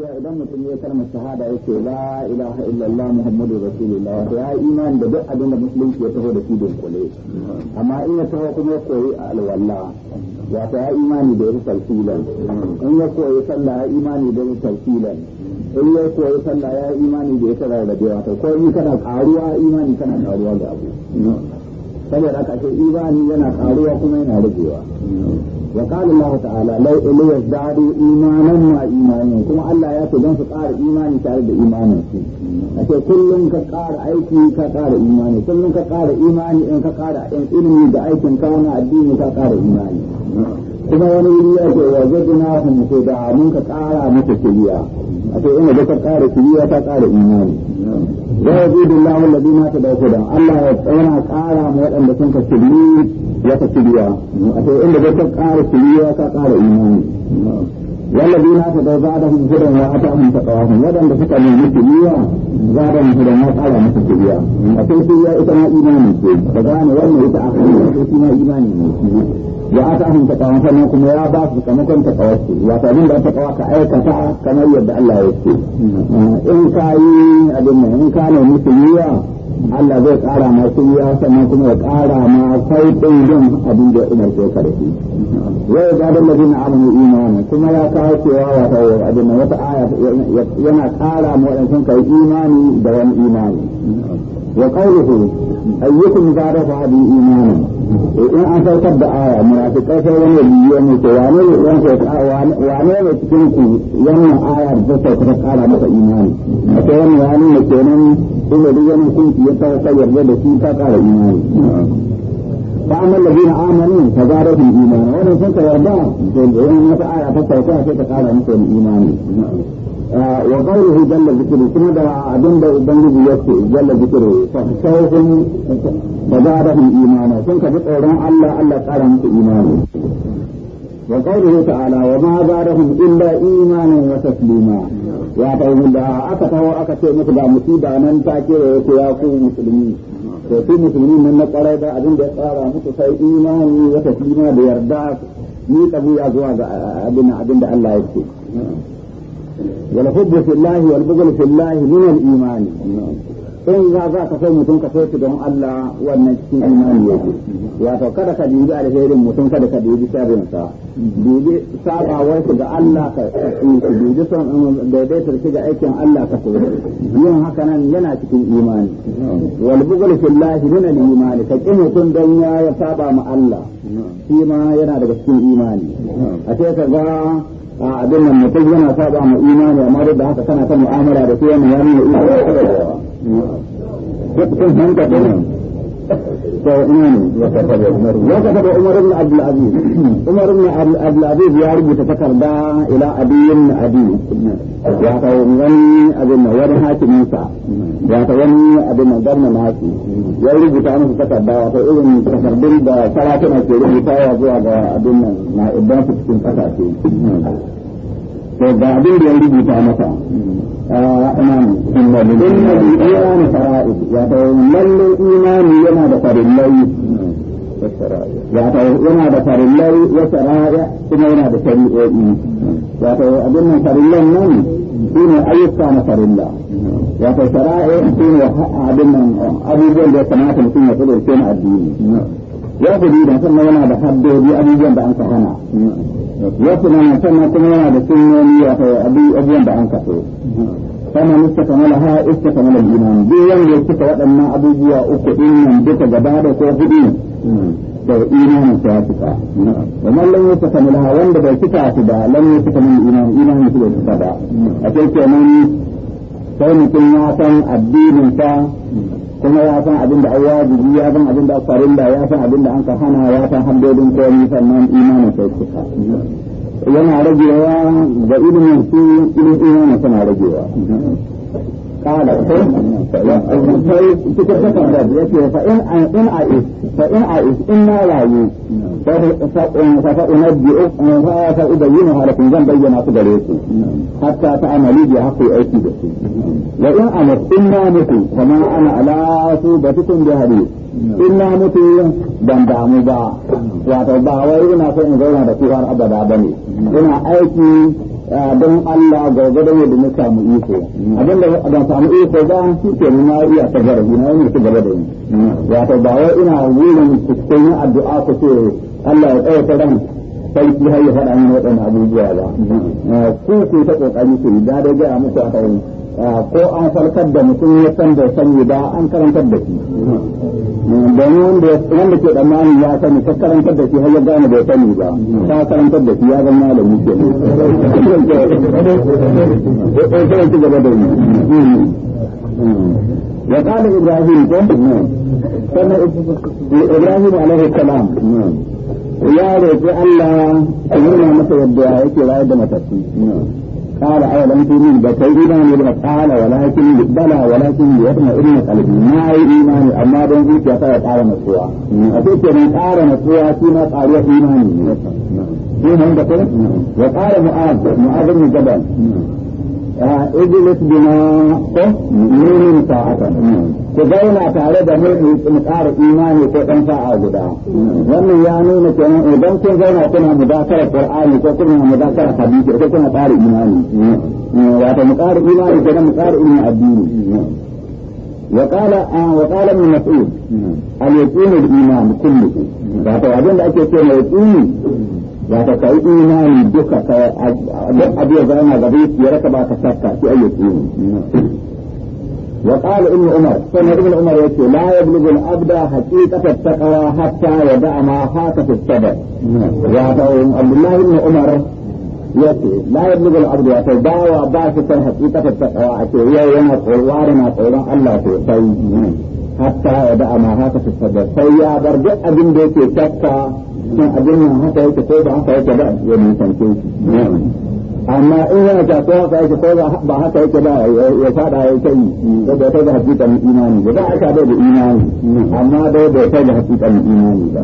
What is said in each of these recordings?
gaskiya idan mutum ya karma shahada yake la ilaha illallah muhammadu rasulullah wato ya imani da duk abin da musulunci ya taho da shi don kule amma in ya taho kuma ya koyi alwala wato ya imani da tafsilan in ya koyi sallah ya imani da tafsilan in ya koyi sallah ya imani da rarrabe wato ko in kana karuwa imani kana karuwa da abu saboda haka ce imani yana karuwa kuma yana ragewa wa qala Allah ta'ala law ilayas da'u imanan ma imani kuma Allah ya ce dan su ƙara imani tare da imanin su kullum ka ƙara aiki ka ƙara imani kullum ka ƙara imani in ka ƙara in ilimi da aikin ka na addini ka ƙara imani kuma wani wuri ya ce wa zai gina su mu da mun ka ƙara mata shiriya a ce ina da ta ƙara shiriya ta ƙara imani za a zai dilla wanda zai mata da ku dan Allah ya tsaya ƙara ma waɗanda sun ka shiri ya ka shiriya a ce ina da ta ƙara shiriya ta ƙara imani yalla bi na ta da da mun gudan wa ta mun ta kawo waɗanda suka ne miki riya za da mun gudan wa ƙara miki riya a ce shiriya ita ma imani ce da gane wannan ita a ita ma imani ne ya aka ahun ta kawo sannan kuma ya ba su kamakon ta kawarsu ya ta da ta kawo ka aikata kamar yadda Allah ya ce mm. in ka yi abin in ka nemi musu yiwa Allah zai ƙara ma ya sannan kuma ya ƙara ma sauƙin yin abin da umar ke karfi zai gadon da jin amini imani kuma ya kawo cewa wata abin da wata aya yana ƙara ma waɗansu kai imani da wani imani wa qawluhu ayyukum zada fa bi imanin in an saukar da aya munafiqai sai wani biyo ne ke wane ne ran ke wane ne cikin ku wannan ayar da ta ƙara masa imani akwai wani wani ne kenan ina duk wani kun ya kawo ka yarda da shi ka ƙara imani fa amma ladina amanu fa zarahum imana wannan sun ka yarda to in wata aya ta sauka sai ta ƙara musu imani wa qawluhu jalla dhikru kuma da abin da ubangiji yake jalla dhikru fa sauhum fa zarahum imana sun ka ji tsoron Allah Allah ƙara musu imani وقوله تعالى وما زادهم الا ايمانا وتسليما يا قوم الله أكته أكته مثل مصيبة من تاكير وكياكو مسلمين وفي مسلمين من نقرأ إذا أدن بإقرار متصي إيماني وتسليما بيرداك ميت أبو يزواج أدن أدن الله يكتب والحب في الله والبغل في الله من الإيمان in za za ka so mutum ka so don Allah wannan cikin imani yake wato kada ka dubi alherin mutum kada ka dubi sa dubi sabawar shi ga Allah ka shi dubi son um, daidaitar shi ga aikin Allah ka so yin haka nan yana cikin imani wal bughli fillahi min al imani ka kin mutum don ya ya saba ma Allah shi ma yana daga cikin imani a ce ka ga abin nan mutum yana saba ma imani amma da haka kana ta mu'amala da shi yana yana kun fahimta ko ne to ina ne ya kafa da Umar da Umar ibn Abdul Aziz Umar ibn Abdul Aziz ya rubuta takarda ila abiyin abi ya ta wani abin nan wani sa ya ta wani abin nan garna naki ya rubuta masa takarda ya irin takardun da sarakuna ke rubuta zuwa ga abin cikin to eh, ga abin da ya rubuta masa ah, inna bil fara'id ya ta lalle imani yana da farillai ya ta yana da farillai kuma yana da shari'o'i ya ta abin nan farillan nan ayyuka na farilla ya ta abin nan abubuwan da ya kamata mutum ya na addini ya gudu da sannan yana da haddodi abubuwan da an ka hana ya tunana sannan kuma yana da sunnoni wato abubuwan da an ka so sannan kama da ha iska kama da iman duk wanda ya cika waɗannan abubuwa uku ɗin nan duka gaba da ko hudu da imanin sa ya cika amma lan ya cika mala wanda bai cika su ba lan ya cika min iman imanin su bai cika ba a kai kenan sai mutum ya san addinin sa kuma ya san abin da ai wajibi ya san abin da farin da ya san abin da an ka hana ya san haddodin komai sannan imanin sai cika yana ragewa da ilimin su ilimin imanin suna ragewa قال فإن إن أئس فإن أئس إما لا فأبينها لكم زن بينا تدريكم حتى تعملي بها في أيدي وإن أمت إما متي فما أنا على صوبتكم بهدي إما متي بن دعمي با واتبع وإن أصنع زينا بكيها أبدا بني إن أيكي don Allah ga gudun da na samu iko mm. abin da ba samu iko ba shi ke nuna iya ta gara na ne su gaba da ni wato ba wai ina wurin cikin addu'a ku ce Allah ya tsaya ta ran sarki har ya faɗa min waɗannan abubuwa ba mm. eh, ku ku ta ƙoƙari ku da da ga muku akai Ah, ko an farkar da mutum ya san da sani ba an karantar da shi domin wanda ke mani ya sani ka karantar da shi har ya gane bai sani ba ka karantar da shi ya zama da muke ne ci gaba da mu hmm. wa qala ibrahim ko sannan ibrahim alaihi salam ya roki Allah ya nuna masa yadda yake rayar da matafi قال أولم تريد بشيء إيمان قال ولكن بلى ولكن يبنى إن قلبي ما إيمان أما بين ذلك يقال قال مسوعة أتيت من قال مسوعة فيما قال نعم. نعم. إيمان فيما عندكم وقال معاذ معاذ بن جبل نعم. اجلس بما من ساعة كذلك تعالى دمر مقار إيماني كتن ساعة جدا ومن يعني نكنا إذن كنا كنا مذاكرة قرآني كنا مذاكرة حديث كنا مقار إيماني وعطى مقار إيماني كنا مقار إيمان الدين وقال وقال ابن مسعود اليقين الإيمان كله وعطى وعدين لأكي كنا يقين wato ka yi imani duka ka duk abu ya zauna gaba ya raka ba ka shakka shi ayyuki ne وقال ابن عمر سمع ابن عمر يقول لا يبلغ العبد حقيقة التقوى حتى يدع ما فات في الصدر وعطاهم عبد الله بن عمر يقول لا يبلغ يقول يتداوى باسطا حقيقة التقوى أكي يوم القرآن ما قولا الله حتى يدع ما فات في الصدر فيا برجع ابن بيتي شكا shin abin nan haka yake ko ba haka yake ba ya nisance shi amma in yana kasuwa haka yake ko ba haka yake ba ya fada ya kai da bai kai da hakikan imani ba aka bai da imani amma da bai ta da hakikan imani ba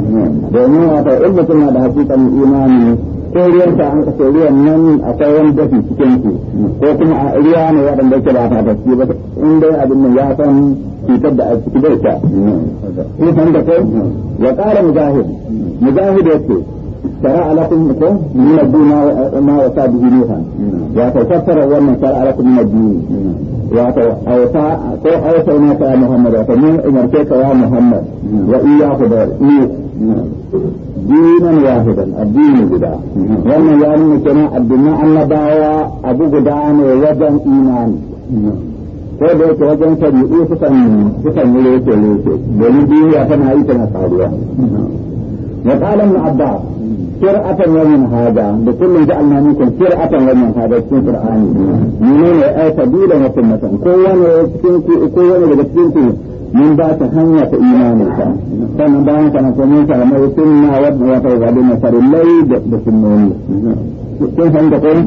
domin wata in mutum na da hakikan imani ko ta an kace ruwan nan akwai wani dafi cikin ku ko kuma a riya ne waɗanda ke ba ta tafi ba in dai abin nan ya san cutar da a ciki bai ta. ko san da kai? Ya kare mujahid. Mujahid yake شرع لكم من الدين ما وصى به نوحا وتفسر ومن شرع لكم من الدين وأوصى أوصيناك يا محمد وتمين أمرتك يا محمد وإياك بالإيه دينا واحدا الدين guda wannan ya nuna kenan addinin annabawa abu guda ne wajen imani ko da yake wajen shari'u sukan sukan yi rete rete domin duniya tana yi tana faruwa وقال ابن عباس سرعة ومن هذا بكل جعلنا منكم سرعة ومن هذا في القرآن منين أي سبيلا وسنة كون يسكنك كون يسكنك من بات هنية إيمانك فمن بات نسميك لما يسمى وابن وفيض بمسر الليل بسنوني kun san da kai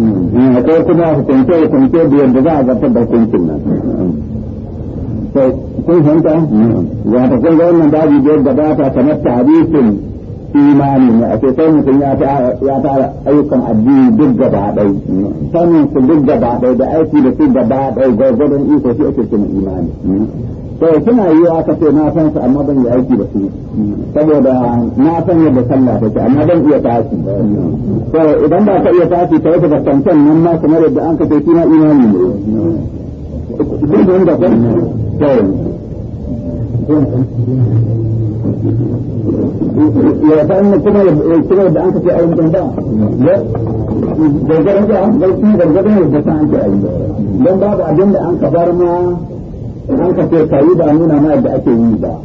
ko kuma hukunce hukunce biyar da za a zartar da hukuncin nan kun san ta wata kun ga wannan babu biyar da ba ta kamar tarihin imani ne a ce sai mutum ya fara ayyukan addini duk gaba ɗai sanin su duk gaba ɗai da aiki da su gaba ɗai gwargwadon iko shi ake cin imani to suna yi aka ce na san su amma ban yi aiki da su saboda na san yadda sallah ta amma ban iya tashi to idan ba ka iya tashi ta yi gaskantan nan ma kamar yadda an ka ce shi imani ne. Duk da وكأن كما كما يبقى أنت في أول جنبا لا جرجر أنت أنت قلت لي جرجر أنت بس أنت أيضا لأن بعض أجنب أنت برما أنت في كريب أمينة ما يبقى ba.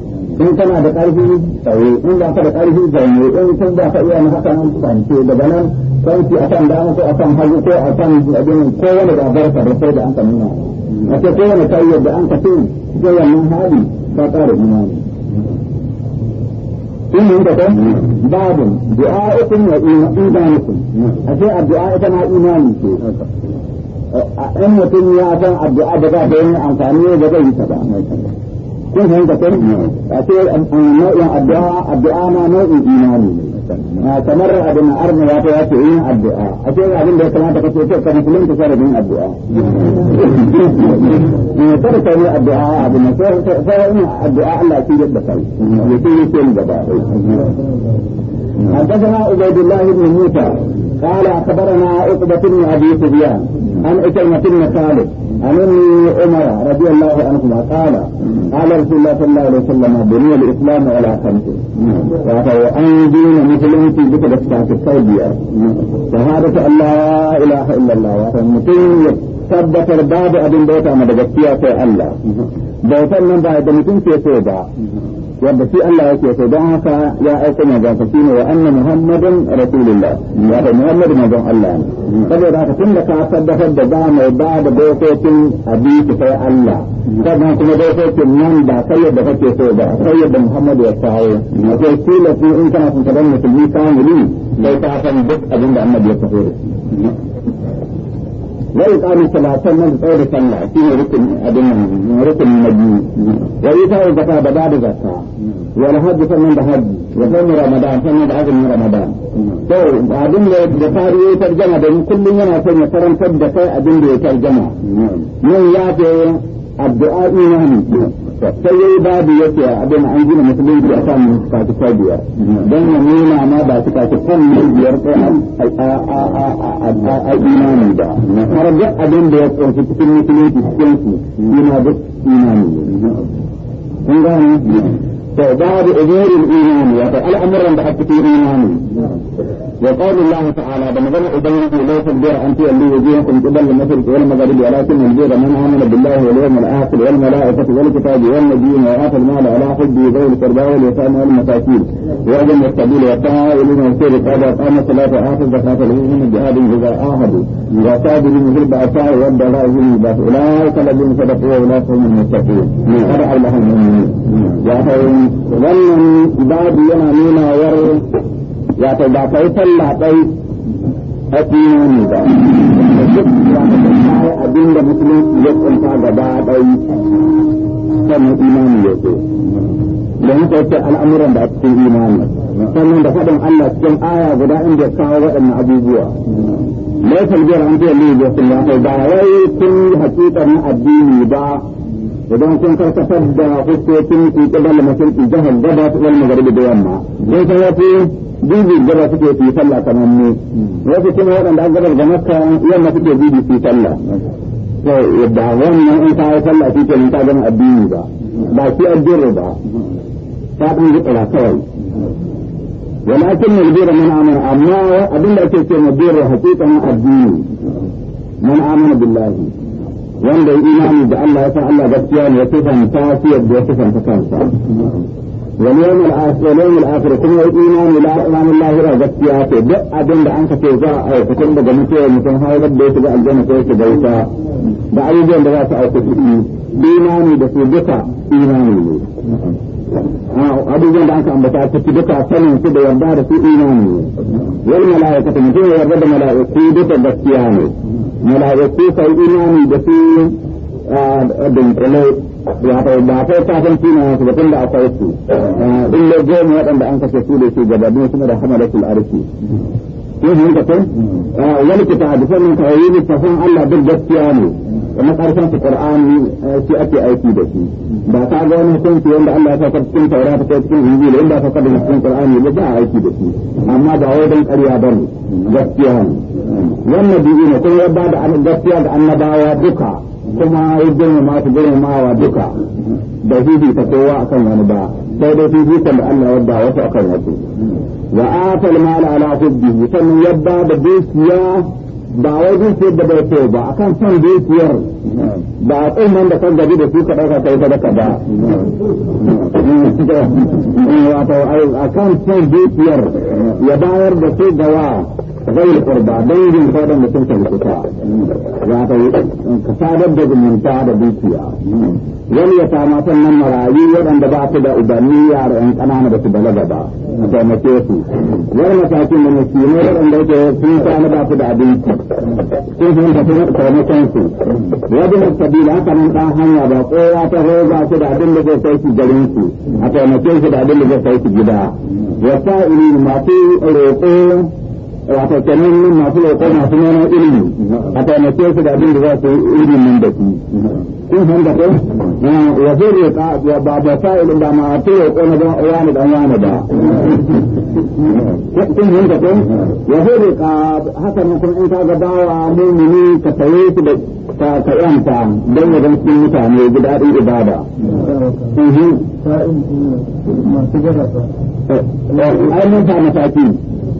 in kana da ƙarfi tsaye in ba ka da ƙarfi zaune in kun ba ka iya haka nan daga nan a kan dama ko a kan hagu ko a kan abin ko wani da barka da sai da an ka nuna a ce ko wani kayyar da an ka fi zai wannan hali ba ƙara imani kun yi da kan babu du'a ukun wa imanukum ashe addu'a ita ma imani ce in mutum ya san addu'a ba za ta yi amfani da zai yi ta ba kun fahimta ma nau'in imani ne kamar abu na arna ya ya ce yin addu'a a ce abin da ya kamata ka ce ce ka musulun ta sarar yin addu'a ne kada ka yi addu'a abu na sai yin addu'a Allah ya ce yadda kai ya ce yake gaba حدثنا عبيد الله بن موسى قال اخبرنا عقبة بن ابي سفيان عن عكرمة بن خالد عن ابن عمر رضي الله عنهما قال قال رسول الله صلى الله عليه وسلم بني الاسلام على خمس وهو ان دين مسلم في ذكر الصلاه السعوديه شهادة ان لا اله الا الله وهو مسلم tabbatar babu abin bauta ma da gaskiya sai Allah bautan nan ba da mutum ke so ba yadda shi Allah yake so don haka ya aika manzon shi ne wa anna muhammadin rasulullah ya da muhammad manzon Allah ne saboda haka tunda ka saddakar da ba mai ba da dokokin abinci sai Allah sannan kuma dokokin nan ba sai yadda kake so ba sai yadda muhammad ya kawo akwai kila su in kana son ka musulmi kamili sai ka san duk abin da annabi ya kawo وإقام الصلاة من غير صلاة في ركن أدنى ركن النبي وإيتاء الزكاة بعد زكاة والحج فمن بحج وصوم رمضان فمن بعزم رمضان to abin da fari ya tarjama domin kullum yana son ya karantar da kai addu'a imani sai yayi babu yake abin an gina musulunci a kan fatiha biyar don ya nuna ma ba su kaci kan biyar a imani ba har duk abin da ya ƙunshi cikin musulunci cikin su yana duk imani kun gane استعداد أمور الإيمان فالأمر عند حد في إيماني وقال الله تعالى بنظر أبين ليس البر أنت اللي وجيهكم قبل المشرك والمغرب ولكن البر من آمن بالله واليوم الآخر والملائكة والكتاب والنبيين وآتى المال على حبه ذوي القربى واليتامى والمساكين وأجل السبيل والسائلين والسير قال أقام الصلاة وآتى الزكاة الذين بهذا إذا آهدوا وصابرين في البأساء والضراء والبأس أولئك الذين صدقوا وأولئك هم المتقون من أرعى الله المؤمنين wannan babu yana nuna war wato ba kai sallah dai a tsini ba duk wato abin da musulunci ya kunta gaba dai sannan imani ya ce dan ta ce al'amuran da a cikin imani sannan da fadin Allah cikin aya guda inda kawo waɗannan abubuwa laifin biyar an fiye ne da sun ba wai kun hakikar na addini ba idan kun karkatar da hukumokin ku kibal masarki jihar gabas wal magharibi da yamma don san wasu bibi gaba suke su yi sallah kamar mu wasu kuma waɗanda an gabar da makka yamma suke bibi su yi sallah to yadda wannan in ka yi sallah shi ke ta gama addini ba ba shi addini ba ta ɗan gitsira kawai ولكن البر من آمن أما أبن لك كما بر حقيقة الدين من آمن بالله wanda imani da Allah ya san Allah gaskiya ne ya sifanta shi da ya sifanta kansa واليوم الآخر واليوم الآخر كما إيمان لا إيمان الله لا غسيا في دق أدن دا أنك في ذا أو في كل جمعة مثل هاي بدي تبع الجنة في كبيتا دا أي جنة لا تعرف إيماني دا في دقة إيماني abubuwan da aka ambata ta ci duka sanin su da yarda da su imani wal mala'ikatu mutum ya yarda da mala'iku duka gaskiya ne mala'iku sai imani da su a dunkule wato ba sai kafin suna su batun da akwai su eh, in da goma waɗanda an kashe su da su gabanin suna da hamalatul arki yin hin kafin wani kita a dukkan nan kawai yin tafin Allah duk gaskiya ne na ƙarshen su Qur'ani eh, shi ake aiki da shi ba ta ga wani hukunci wanda Allah ya saukar cikin Taurat ko cikin Injil inda saukar da cikin Qur'ani ba za a aiki da shi amma ba wai dan ƙarya ba ne gaskiya ne wannan bibi ne kuma yabba da gaskiya da annabawa duka kuma ya masu su mawa duka da hibi ta kowa akan wani ba sai dai fifikon da Allah ya da wasu akan wasu wa atal mala ala hubbihi sannan ya ba da dukiya ba wai dukiyar da bai so ba akan son dukiyar ba a tsohon da kan gaji da su ka ɗauka kai sadaka ba wato akan son dukiyar ya bayar da su gawa zai kurba dangin sauran mutum kan kusa ya kai ka sadar da zumunta da dukiya wani ya nan sannan marayu waɗanda ba su da ubanni yara yan ƙanana da su balaga ba a taimake su wani matakin da miskinai waɗanda yake sun kwana ba su da abinci sun sun tafi taimakon su wajen sabila haka nan ɗan hanya ba kowa ta roba su da abin da zai kai su garin su a taimake su da abin da zai kai su gida wata iri masu roƙo wato kenan min masu roƙo masu neman ilimi a taimake su da abin da za su yi ilimin da shi kun san da ko ya zai ya ba ba fa'ilin ba ma ta roƙo na dan wani dan wani ba kun san da ko ya zai ka haka nan kun in ka ga bawa mumini ka saye su da ka ka yanta dan ya dan cikin mutane ji daɗin ibada mhm. eh, eh, ai mun ta mataki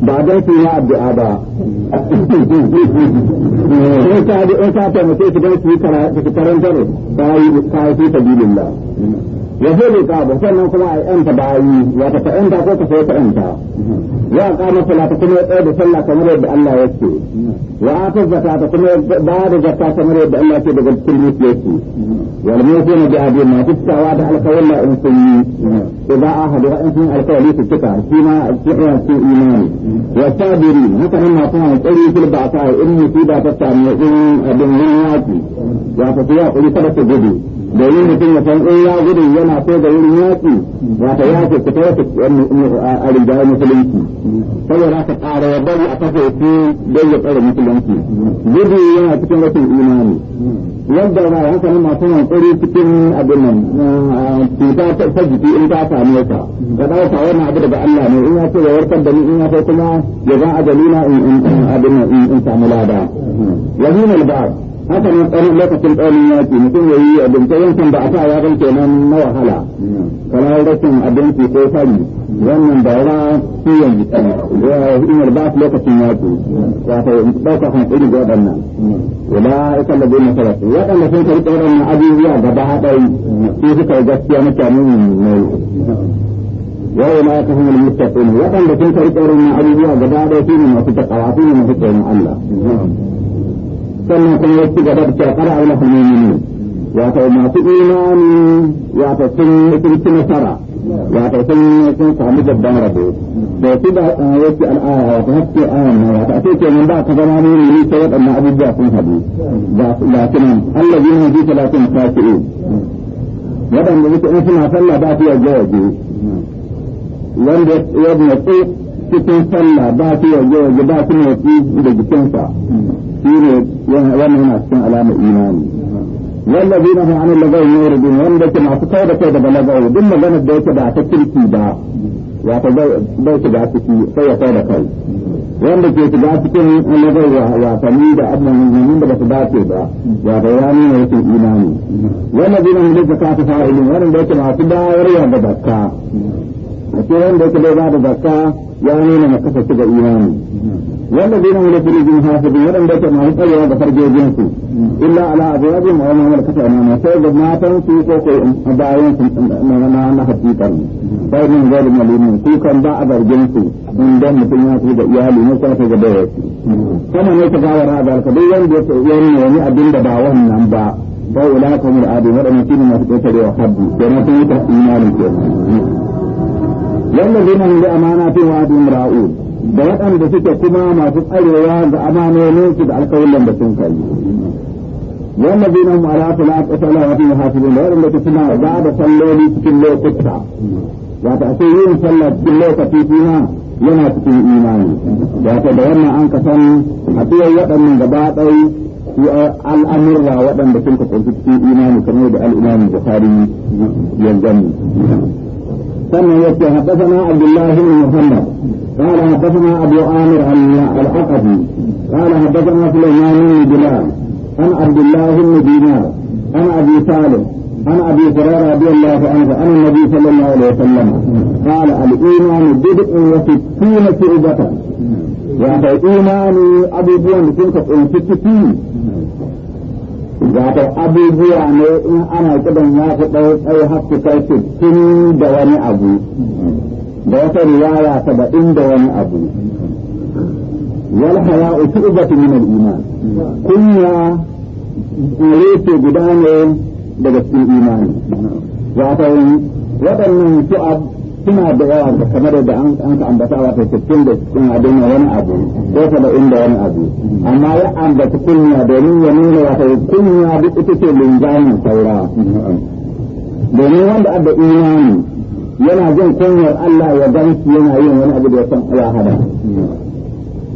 ba don su yi addu'a ba in ka in ka taimake su don karantar ta yi ta fi sabilillah ya zo ne babu sannan kuma a yanta bayi ya ta ta yanta ko ta sai ta yanta ya kama salata kuma ya tsaya da sallah kamar yadda Allah ya ce wa zata ta kuma ba da zakata kamar yadda Allah ya ce daga cikin ya ce wal mutuna bi abi ma tsawa da alqawla in sun yi ko idan ahadu in sun alqawli su tuka shi ma a tsira su imani wa sabiri haka nan masu hankali fil ba'sa in musiba ta samu in abin yin yaki ya fa ya kuri kada ta gudu domin mutum ya san in ya gudu ana so ga yin yaƙi wata yaƙi ku ta wata a rigayen musulunci saboda ka ƙara ya bari a kafa ya fi don ya tsara musulunci gudu yana cikin rashin imani yadda ba ya sami masu hankali cikin abin nan cuta ta jiki in ta sami yasa ka ɗauka wani abu daga Allah ne in ya ce ya warkar da ni in ya so kuma ya zan ajalina in abin nan in samu lada. Yahimin ba'ad haka nan tsarin lokacin tsarin yaki mutum ya yi abinci yankin da aka yaran kenan na wahala kamar rashin abinci ko fari wannan da ra ciwon jiki ya yi ba su lokacin yaki wato ɗaukar hankali ga waɗannan wala ita da bin nasara waɗanda sun karɓi waɗannan abubuwa gaba ɗaya su suka gaskiya mutane mai وأولئك هم المتقون وقال لكم تلك su أبي بها قبادة فيهم وتتقوا فيهم وتتقوا allah. sannan kuma ya ci gaba da cewa kada aula ne wato masu imani wato sun sun ci nasara wato sun sun samu babban rabo da su da yake al'ada wato hakki ayan na wato a cikin nan ba ka zama ne ne sai waɗannan abubuwa sun hadu ba su nan Allah yana ji talatin fasi'u waɗanda yake in suna sallah ba su yarda waje wanda ya natsu cikin sallah ba su yarda waje ba su natsu da jikinsa shine wannan yana cikin alamar imani والذين هم عن اللغو يوردون وندك مع تقاعد بلغوا دم جنب بيت بعد تركي با وبيت بعد تركي فهي قاعد كاي بيت بعد تركي اللغو يا فميد من من بس بعد كذا يا ويت إيماني والذين هم لذكاء فاعلون وندك مع تبا وريا بدكا a ce wanda yake bai ba da zakka ya nuna na kasa ga imani wanda bai nuna furi jin hasibin waɗanda yake masu tsayewa da farjojin su illa ala azwajin wani wani malakat amana sai ga matan su ko ko bayan su na na hakikar sai mun ga da malimin ku kan ba a zargin su in dan mutum ya ga iyali ne ko ga bayar su na ne ta gawara da alka duk wanda ya nuna wani abin da ba wannan ba ba ulaka mul adi waɗanda su ne masu tsayewa habbu da na ta imani ke wannan zai da amana fi wa abin ra'u da waɗanda suke kuma masu tsarewa ga su da alƙawullan da sun kai wannan zai mu ala salat sallallahu alaihi wa sallam da waɗanda su suna ba da salloli cikin lokuta ta a yin sallar cikin lokaci kuma yana cikin imani ta da wannan an ka san a cikin waɗannan gaba ɗai su al'amurra waɗanda sun ka cikin imani kamar da al'imami bukhari yanzu ثم يأتي حدثنا عبد الله بن محمد قال حدثنا أبو عامر العقبي قال حدثنا سليمان بن بلال عن عبد الله بن دينار عن أبي سالم عن أبي هريرة رضي الله عنه عن النبي صلى الله عليه وسلم قال الإيمان بدء وستين شعبة يعني إيمان أبو بن كنت أنت wato abubuwa ne in ana kidan ya fi ɗau tsaye tun da wani abu da wata riwaya ta da wani abu wal haya'u tu'batu min al-iman kunya rufe guda ne daga cikin imani wato waɗannan su'ab suna da yawa kamar da an an ambata wato cikin da cikin adina wani abu ko ta da wani abu amma ya ambata kunya domin ya nuna wato kunya duk ita ce linzamin saura domin wanda abda imani yana jin kunyar Allah ya gan yana yin wani abu da ya san Allah hada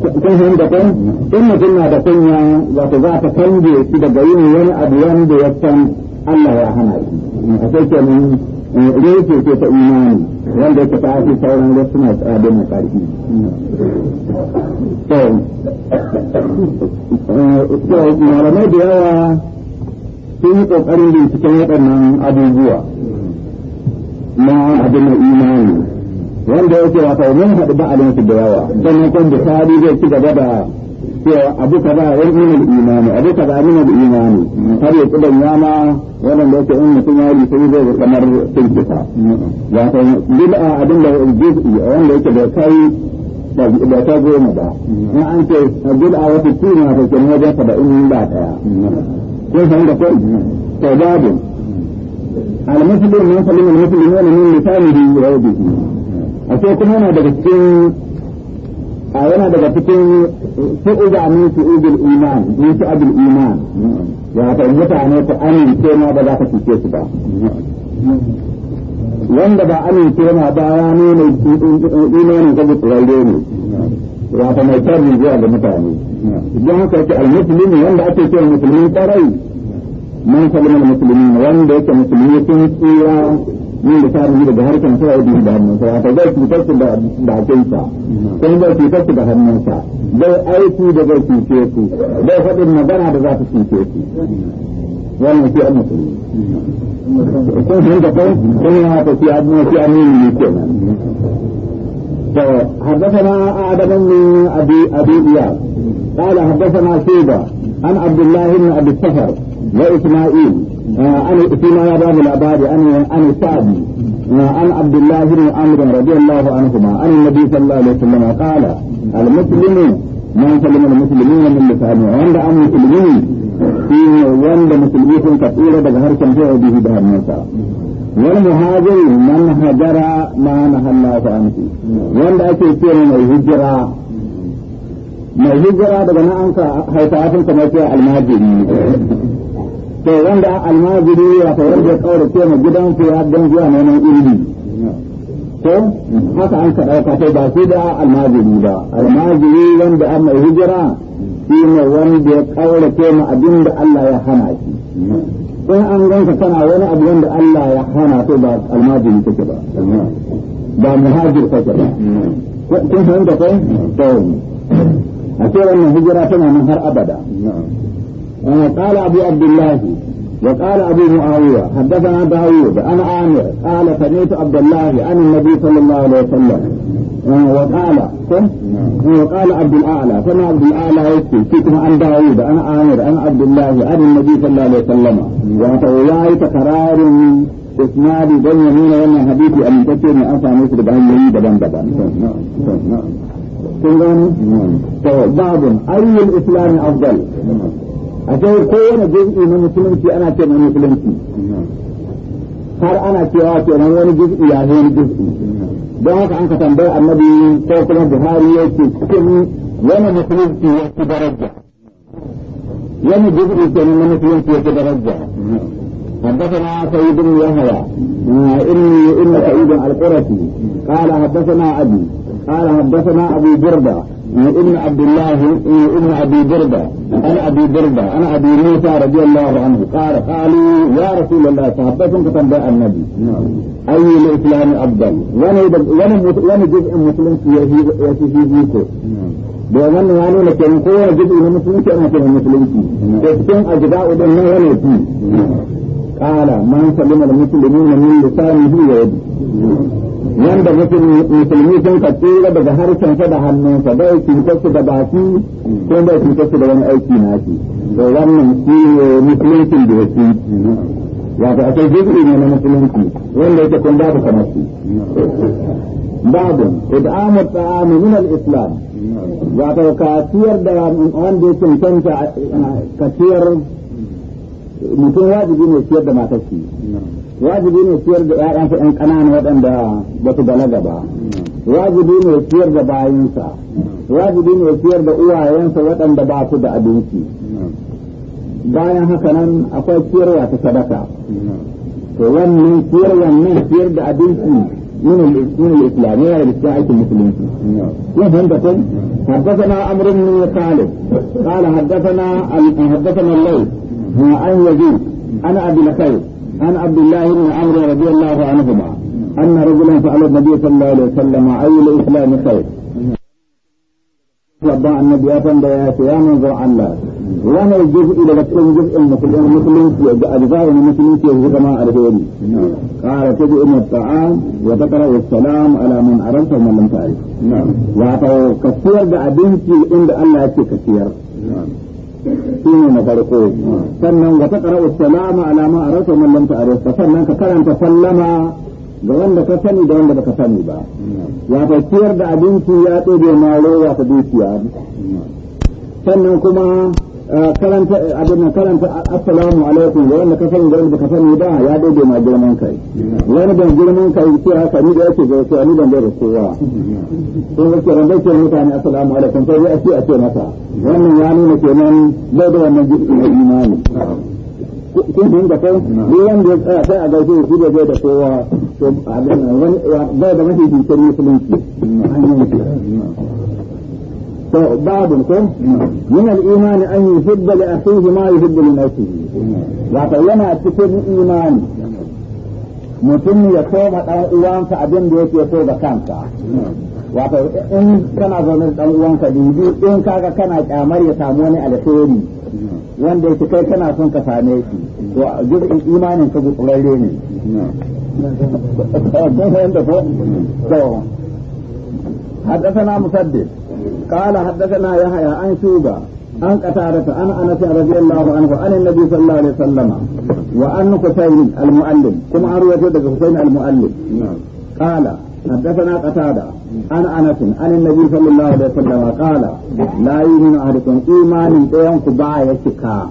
kun san da kun in mutum na da kunya wato za ta kange shi daga yin wani abu wanda ya san Allah ya hana shi a sai rege ce ta imani wanda yake tafi sauran wasu na tsada na ƙarfi to malamai da yawa sun yi ƙoƙarin binciken waɗannan abubuwa na abin na imani wanda yake wata wani haɗu ba'alin su da yawa sannan kwan da zai ci gaba da cewa abu imani abu imani har ya yana wannan da yake in mutum ya yi sai zai kamar bid'a abin da kai ba ta goma ba in an ce bid'a wata tuna ta ba daya san da kai to babu المسلم من سلم المسلمون من لسانه ويده أشياء daga cikin. a yana daga cikin su'uba min su'ubil iman min su'abil iman ya ta mutane ku amince ma ba za ka cuce su ba wanda ba amince ma ba ya nuna imanin ka tsirarre ne ya ta mai tarbi zuwa ga mutane don haka yake almuslimin wanda ake cewa musulmin tarai man salima musulmin wanda yake musulmi sun tsira yin da fara yi daga harkar sai da yi da hannunsa ba zai cutar su da bakinsa sai zai cutar su da hannunsa zai aiki da zai cuce su zai faɗin magana da za su cuce su wannan shi an mutum kun san da kai kun yana tafiya da shi an yi ne ke nan to haddasa na adaban ne abi abi iya qala haddasa na sheba an abdullahi ibn abi safar wa isma'il عن فيما يباب العباد عن عن سعد عن عبد الله بن عمرو رضي الله عنهما عن النبي صلى الله عليه وسلم قال المسلم من سلم المسلمين من لسانه عند عن المسلمين في وند مسلمين كثيرة بظهر تنفع به بهر موسى والمهاجر من هجر ما نهى الله عنه وند أكي كيرا من هجرة mai hijira daga nan an ka haifa sun kamar cewa almajiri to wanda almajiri ya ta da kawai ce gidan su ya dan zuwa neman ilimi ko haka an ka dauka sai ba su da almajiri ba almajiri wanda an mai hijira shi ne wanda ya kawar ce ma abin da Allah ya hana shi in an ganka kana wani abu wanda Allah ya hana to ba almajiri take ba ba muhajir take ba kun da kai to a ce wannan hijira tana nan har abada قال أبو عبد الله وقال أبو معاوية حدثنا داوود أنا عامر قال سمعت عبد الله عن النبي صلى الله عليه وسلم آه، وقال نعم. آه، وقال عبد الأعلى فما عبد الأعلى يكفي فيكم عن داوود أنا عامر أنا عبد الله عن النبي صلى الله عليه وسلم نعم. وتولى تكرار إسناد بن يمين وأن حديث أن تكفي من أنفع مصر بأن يريد بن بن نعم نعم, نعم. طيب، باب أي الإسلام أفضل akwai kowane juz'i na musulunci ana ce na musulunci har ana cewa kenan wani juz'i ya wani juz'i don haka an ka tambaya annabi ko kuma buhari ya ce cikin wani musulunci ya ci daraja wani juz'i kenan na musulunci ya ci daraja حدثنا سيد بن يحيى إني إن سعيد القرشي قال حدثنا أبي قال حدثنا أبي بردة ابن عبد الله ابن ابي برده انا ابي برده انا ابي موسى رضي الله عنه قال قالوا يا رسول الله صحابتكم كتنباء النبي اي الاسلام افضل وانا جزء مسلم في فيكم da wannan ya nuna kenan ko wani jibi na musulunci ana kiran musulunci da cikin ajiba'u din nan yana fi qala man salima al wanda musulmi sun ka tsira daga harshensa da hannunsa bai cinta su da baki ko bai cinta su da wani aiki na shi da wannan shi ne musulmin da yake wato akwai jizuri ne na musulmi wanda yake kun babu kamar shi babu id'amu ta'amu min al-islam wato ka ciyar da wanda ya cinta ka ciyar mutum wajibi ne ciyar da matar shi wajibi ne ciyar da ƴaƴan su ƴan ƙanana waɗanda ba su balaga ba wajibi ne ciyar da bayansa wajibi ne ciyar da uwayensa waɗanda ba su da abinci bayan haka nan akwai ciyarwa ta sadaka to wannan ciyar wannan ciyar da abinci من الإسلامية للساعة المسلمين يفهم بكم حدثنا أمر بن خالد قال حدثنا حدثنا الليل عن يزيد أنا أبي لخير عن عبد الله بن عمرو رضي الله عنهما أن رجلا سأل النبي صلى الله عليه وسلم أي الإسلام خير وضع النبي أفند يا منظر الله وأنا الجزء إلى بكل جزء المسلم المسلم أجزاء المسلم في الجماعة الخيري قال تدعم الطعام وتقرأ السلام على من عرفت ومن لم تعرف وأعطوا كثير بأبنتي عند الله كثير shine na farko sannan wa taqra'u salama ala ma arata man lam ta'rif sannan ka karanta sallama ga wanda ka sani da wanda baka sani ba ya ta ciyar da abinci ya tsebe ma rowa ta dukiya sannan kuma karanta abin karanta assalamu alaikum da wanda da ya daidai ma girman kai wani ban girman kai ce haka ni da yake gaisuwa ni ban da kowa sai rambai ke mutane assalamu alaikum sai a ce masa wannan ya nuna kenan da wannan jikin imani kun ya sai a gaishe da da kowa باب كم من الإيمان أن يحب لأخيه ما يحب لنفسه wato yana cikin imani mutum ya koma dan ɗan uwansa abin da yake so ga kansa wato in kana zaune da ɗan uwanka dubi in kaga kana kyamar ya samu wani alheri wanda yake kai kana son ka same shi to duk imanin ka gutsurarre ne حدثنا مسدد قال حدثنا يحيى عن شوبة عن قتادة عن أنس رضي الله عنه عن النبي صلى الله عليه وسلم وعن حسين المؤلم كما أروي ذلك حسين المؤلم قال حدثنا قتادة عن أنس عن النبي صلى الله عليه وسلم قال لا يؤمن أحدكم إيمان يوم باع يشكا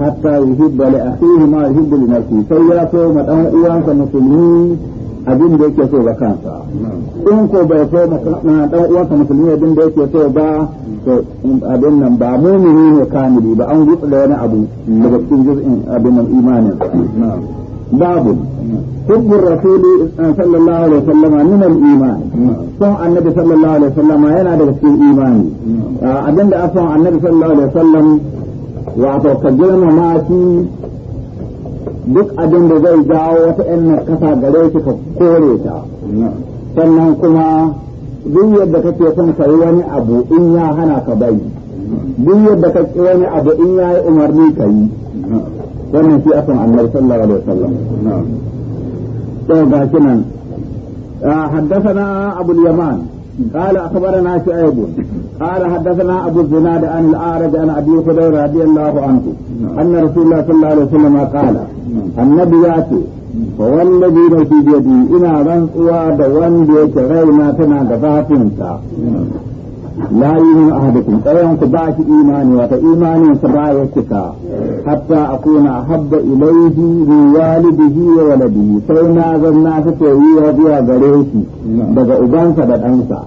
حتى يحب لأخيه ما يحب لنفسه سيئة ما تنقوا أنت مسلمين abin da yake so ba kansa in ko bai so na dan uwansa musulmi abin da yake so ba to abin nan ba mumini ne kamili ba an gutsu da wani abu daga cikin juz'in abin nan imanin babu hubbur rasuli eh, sallallahu alaihi wasallam min al-iman so annabi sallallahu alaihi wasallam yana daga cikin imani ah, abin da son annabi sallallahu alaihi wasallam wato ka ma shi duk abin da zai jawo wata ‘yan nakasa gare shi ka kore ta sannan kuma duk yadda kake son ka yi wani abu in ya hana ka bai duk yadda ka ki wani abu in ya yi umarni ka yi wannan shi asan annabi sallallahu alaihi wasallam to ga shi nan na abu اليمان قال أخبرنا شعيب قال حدثنا أبو الزناد عن الأعرج عن أبي هريرة رضي الله عنه أن رسول الله صلى الله عليه وسلم قال النبي يأتي فوالذي نفي بيدي إنا رنقوا دوان بيت غيرنا كما قفاتنك la yu'minu ahadukum tsayan ku ba shi imani wata imanin sa ba ya cika hatta akuna habba ilayhi bi walidihi wa waladihi sai na zan na yi wa gare shi daga ubansa da ɗansa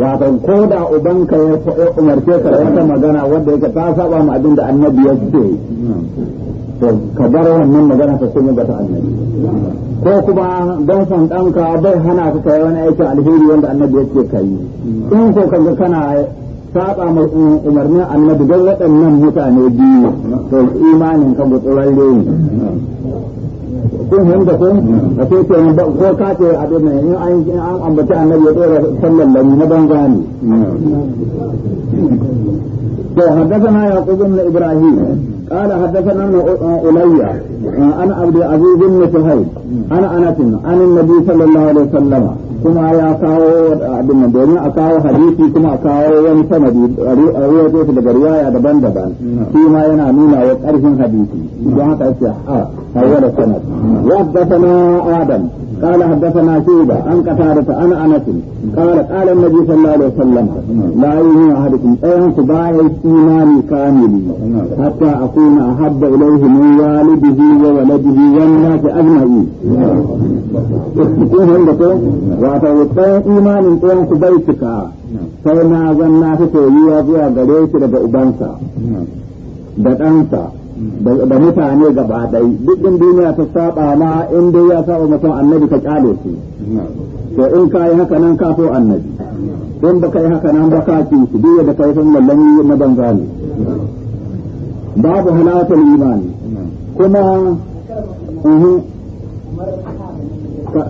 wato ko da ubanka ya umarce ka wata magana wanda yake ta saba ma abinda annabi ya ce to ka bar wannan magana ta sun ga ta annabi ko kuma don san ɗanka bai hana ka kai wani aikin alheri wanda annabi yake kai in ko ga kana saba um, umarnin annabi don waɗannan mutane biyu to imanin ka gutsuralle ne kun da kun a ce ce ko ka ce a ne in an ambaci annabi ya dora sallan na banza ne to haddathana yaqub ibn ibrahim قال حدثنا ابن أولي عن عبد العزيز بن سهيل عن النبي صلى الله kuma ya kawo abin domin a kawo hadisi kuma a kawo wani sanadi a ruwa jefi daga riwaya daban-daban shi ma yana nuna wa ƙarfin hadisi don haka yake a ah, hawa da sanad ya na adam kala haddasa na shuba an kasa da ta ana anasin kala kalan na ji sallallahu alaihi wasallam la yi yi a hadisin ɗayan ku ba ya yi imani kamili hatta a kuna habba ilaihi mu walidihi wa waladihi na ta azmai. Kun hanga ko? wato imanin ɗayan su bai cika sai na zan na fi koyuwa zuwa gare shi daga ubansa da ɗansa da mutane gaba ɗai duk in duniya ta saba ma in dai ya saba mutum annabi ka kyale su to in ka yi haka nan ka so annabi in ka yi haka nan ba ka ci shi da kai sun lallani na banza ne babu halatar imani kuma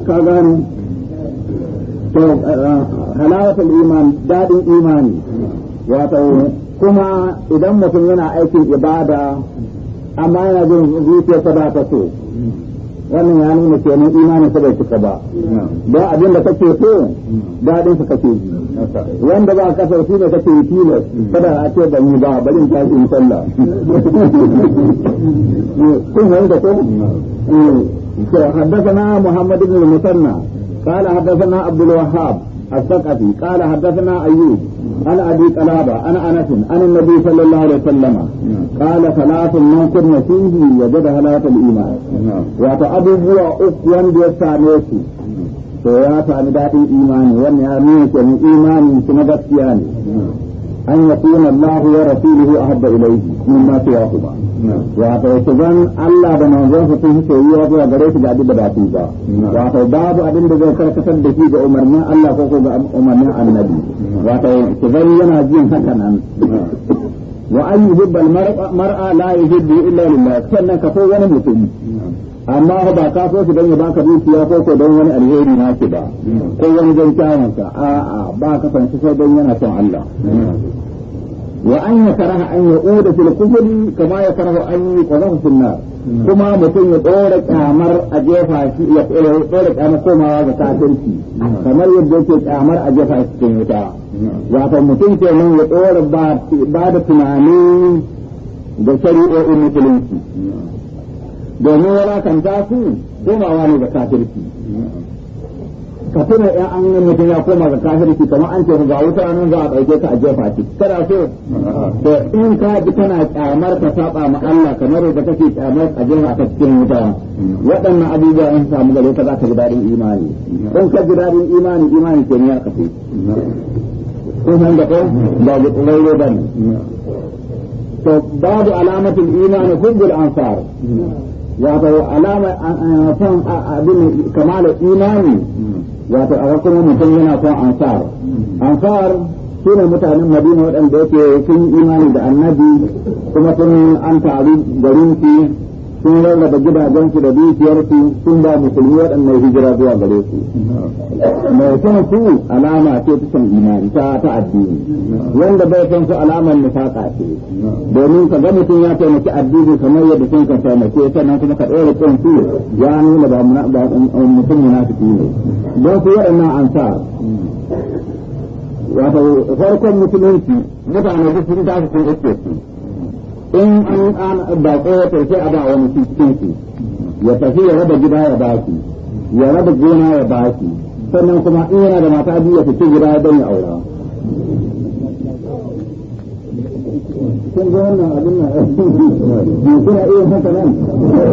ka gane to eh, halawatul iman dadin imani wato kuma idan mutum yana aikin ibada amma yana jin zuciyarsa ba ta so wannan ya nuna kenan imanin sa bai cika ba don abin da kake so dadin sa kake ji wanda ba ka sauki ne kake yi tilas kada a ce ban yi ba bari ta yi sallah kun wanda ko eh, to haddathana muhammad ibn musanna قال حدثنا عبد الوهاب الثقفي قال حدثنا أيوب عن أبي قلابة عن أنس عن النبي صلى الله عليه وسلم قال ثلاث من كن فيه وجد هلاك الإيمان وأبو بوا أخوان بيسانيسي to ya sami daɗin imani wannan ya nuna kenan imani kuma gaskiya ne أن يكون الله ورسوله أحب إليه مما سواهما wato su zan Allah da manzonsa sun fi soyuwa zuwa gare shi da abin da ba su ba wato babu abin da zai karkatar da shi ga umarnin Allah ko ga umarnin annabi wato su zan yana jin haka nan wa an yuhibbal mar'a la yuhibbu illa sannan ka wani mutum amma ba ka so su don ya baka dukiya ko ko don wani alheri na shi ba ko wani don a a'a ba ka san shi sai don yana son Allah wa an ya karaha an ya oda fil kufri kama ya karaha an yi qadahu fil nar kuma mutum ya dora kamar a jefa shi ya dora kyamar komawa ga kafirci kamar yadda yake kyamar a jefa shi cikin wuta wato mutum ke nan ya dora ba da tunani da shari'o'in musulunci domin wala walakanta su komawa ne ga kafirci ka tuna ya an nan mutum ya koma ga kafirci kamar an ce ga wuta nan za a ɗauke ka a jefa ki kada so da in ka ji kana kyamar ka saba ma Allah kamar da kake kyamar a jefa ka cikin wuta waɗannan abubuwa in samu gare ka za ka ji daɗin imani in ka ji daɗin imani imani ke ne ya kafe kun san da ko ba ga tsirrai ba ne to babu alamatul imani hubbul ansar wato alama son abin kamala imani wato a kuma mutum yana son ansar ansar su ne mutanen madina waɗanda yake sun imani da annabi kuma sun an taru garin sun rarraba gidajensu da dukiyarsu sun ba musulmi waɗannan hijira zuwa gare su mai son su alama ce ta san imani ta ta addini wanda bai san su alamar nifaka ce domin ka ga mutum ya taimaki addini kamar yadda sun ka taimake sannan kuma ka ɗora kan su ya nuna ba um, um, mutum munafiki ne don su waɗannan ansa. wato farkon musulunci mutane duk sun tafi sun ake su in an an da ko ya tarke a ba wani cikin su ya tafi ya raba gida ya baki ya raba gona ya baki sannan kuma in yana da mata biyu ya fice gida don ya aura kun ga wannan abin na ne kuna iya haka nan ba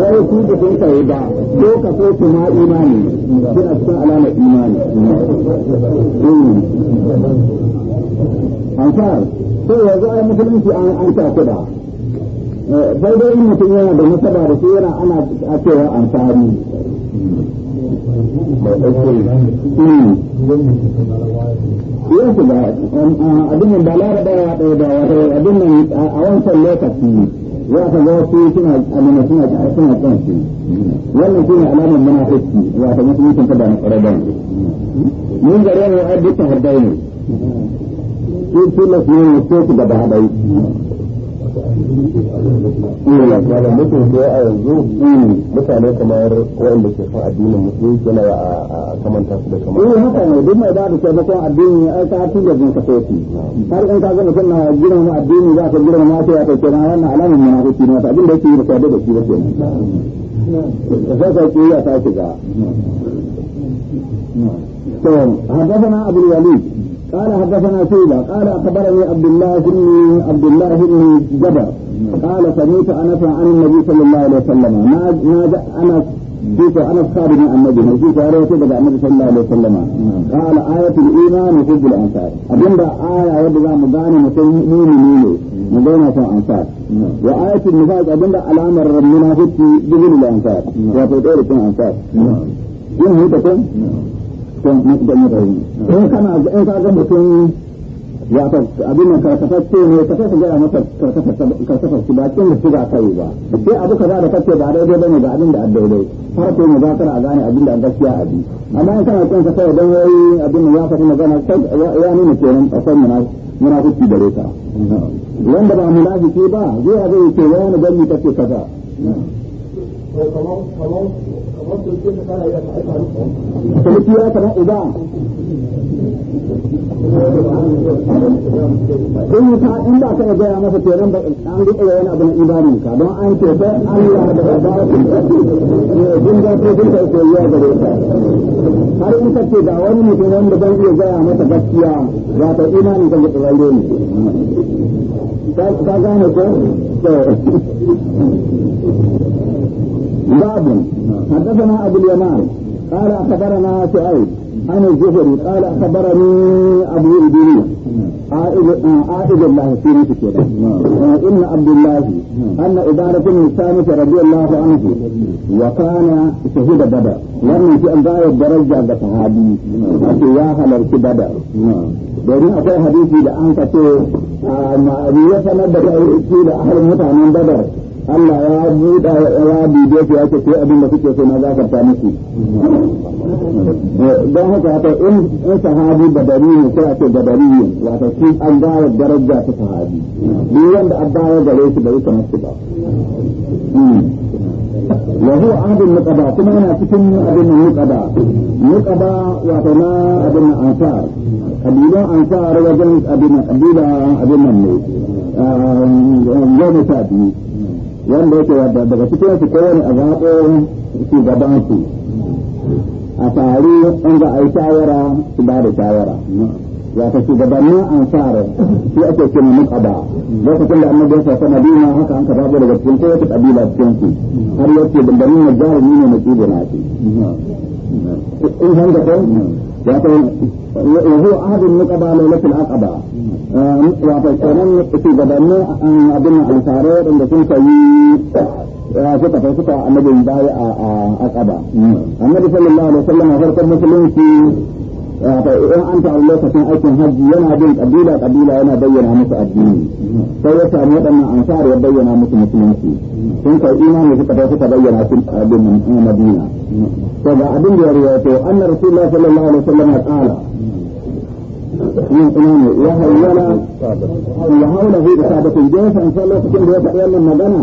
wai su da sun kai ba ko ka so su ma imani suna cikin alamar imani hmm. an sai yanzu ai musulunci an sa kuɗa sai dai in mutum yana da nasaba da shi yana ana a cewa amfani yin su da abin da larabawa ɗaya da wata abin nan a wancan lokaci ya ka ga wasu suna amina suna suna kan shi wannan shine alamar munafiki wato musulmin ta da na ba mun gare ne a dukkan hardai ne sun tilas ne ko su gaba haɗai malam mutum da a yanzu mutane kamar waɗanda ke son addinin yana a kamanta su da kamar. duk mai ba da taimakon addini ai ka fi da jin kaso Har in ka ga mutum na girma addini za ka girma ya wannan abin da yake yi da shi ya قال حدثنا شيبة قال أخبرني عبد الله بن عبد الله بن جبر قال سميت أنس عن النبي صلى الله عليه وسلم ما ما أنس جيت أنس خادم النبي جيت أريته بدأ النبي صلى الله عليه وسلم قال آية الإيمان حب الأنصار أبين آية رب ذا مداني مسلمين مين مدينة الأنصار وآية النفاق أبين علامة المنافق في الأنصار وفي دور الأنصار نعم. ينهي تكون cikin kana in ka ga mutum ya ta abin nan ne ka sai ka gaya masa da su ba kai ba sai abu kaza da kace ba daidai bane ga abin da an daidai har ko a gane abin da an gaskiya a amma in kana ka sai dan yayi abin ya magana ya nuna kenan gare ka wanda ba munafiki ba zai zai ce wani gani kace kaza kamar ciniki ya kama don yi ta ba ka gaya masa kenan ba an wani abu na imanin ka don an ce sai da ba da har in ka ce wani mutum wanda ban iya gaya masa gaskiya ya ta imanin ga tsare ne gane ko باب حدثنا ابو اليمان قال اخبرنا شعيب عن الزهري قال اخبرني ابو ادريس عائد الله في ريتك ان عبد الله ان اداره الثالث رضي الله عنه وكان شهيد بدر لم في ان ضايع درجه بصحابي حتى يا هلرك بدر domin akwai hadisi da an kace ma ya sanar da kai da ahalin mutanen badar Allah ya buɗa ya bibiye su ya ce ku abin da kuke so na gafarta muku don haka haka in in sahabi badari ne ko a ce badari ne wato shi an ba daraja ta sahabi duk wanda an ba gare shi bai kamar su ba وهو عهد النقبة كما أنا na أبن النقبة نقبة وطنا أبن الأنصار قبيلة أنصار وجنس أبن قبيلة أبن النقبة يوم سابي wanda yake wadda daga cikin su kowane a zaɓo shugaban su a tare in za a yi shawara su ba da shawara ya ta shugabannin ansar shi ake ce mu muqada lokacin da annabi ya sauka madina haka an karabo daga cikin kowace kabila cikin su har yace da bani najjar ne ne na na shi in hanga ko وهو أحد النقبة ليلة العقبة وفكرن abin بدن أبن الأنصار عند سنك suka suka annabin baya a akaba annabi sallallahu alaihi wasallam a farkon musulunci a idan an taru lokacin aikin hajji yana bin kabila kabila yana bayyana musu addini sai ya samu waɗannan ansar ya bayyana musu musulunci sun kai imani suka ta suka bayyana sun abin madina to ga abin da ya riwayato anna rasulullah sallallahu alaihi wasallam qala yin imani ya hayyala ya hawla fi isabatin jinsan lokacin da ya faɗi wannan magana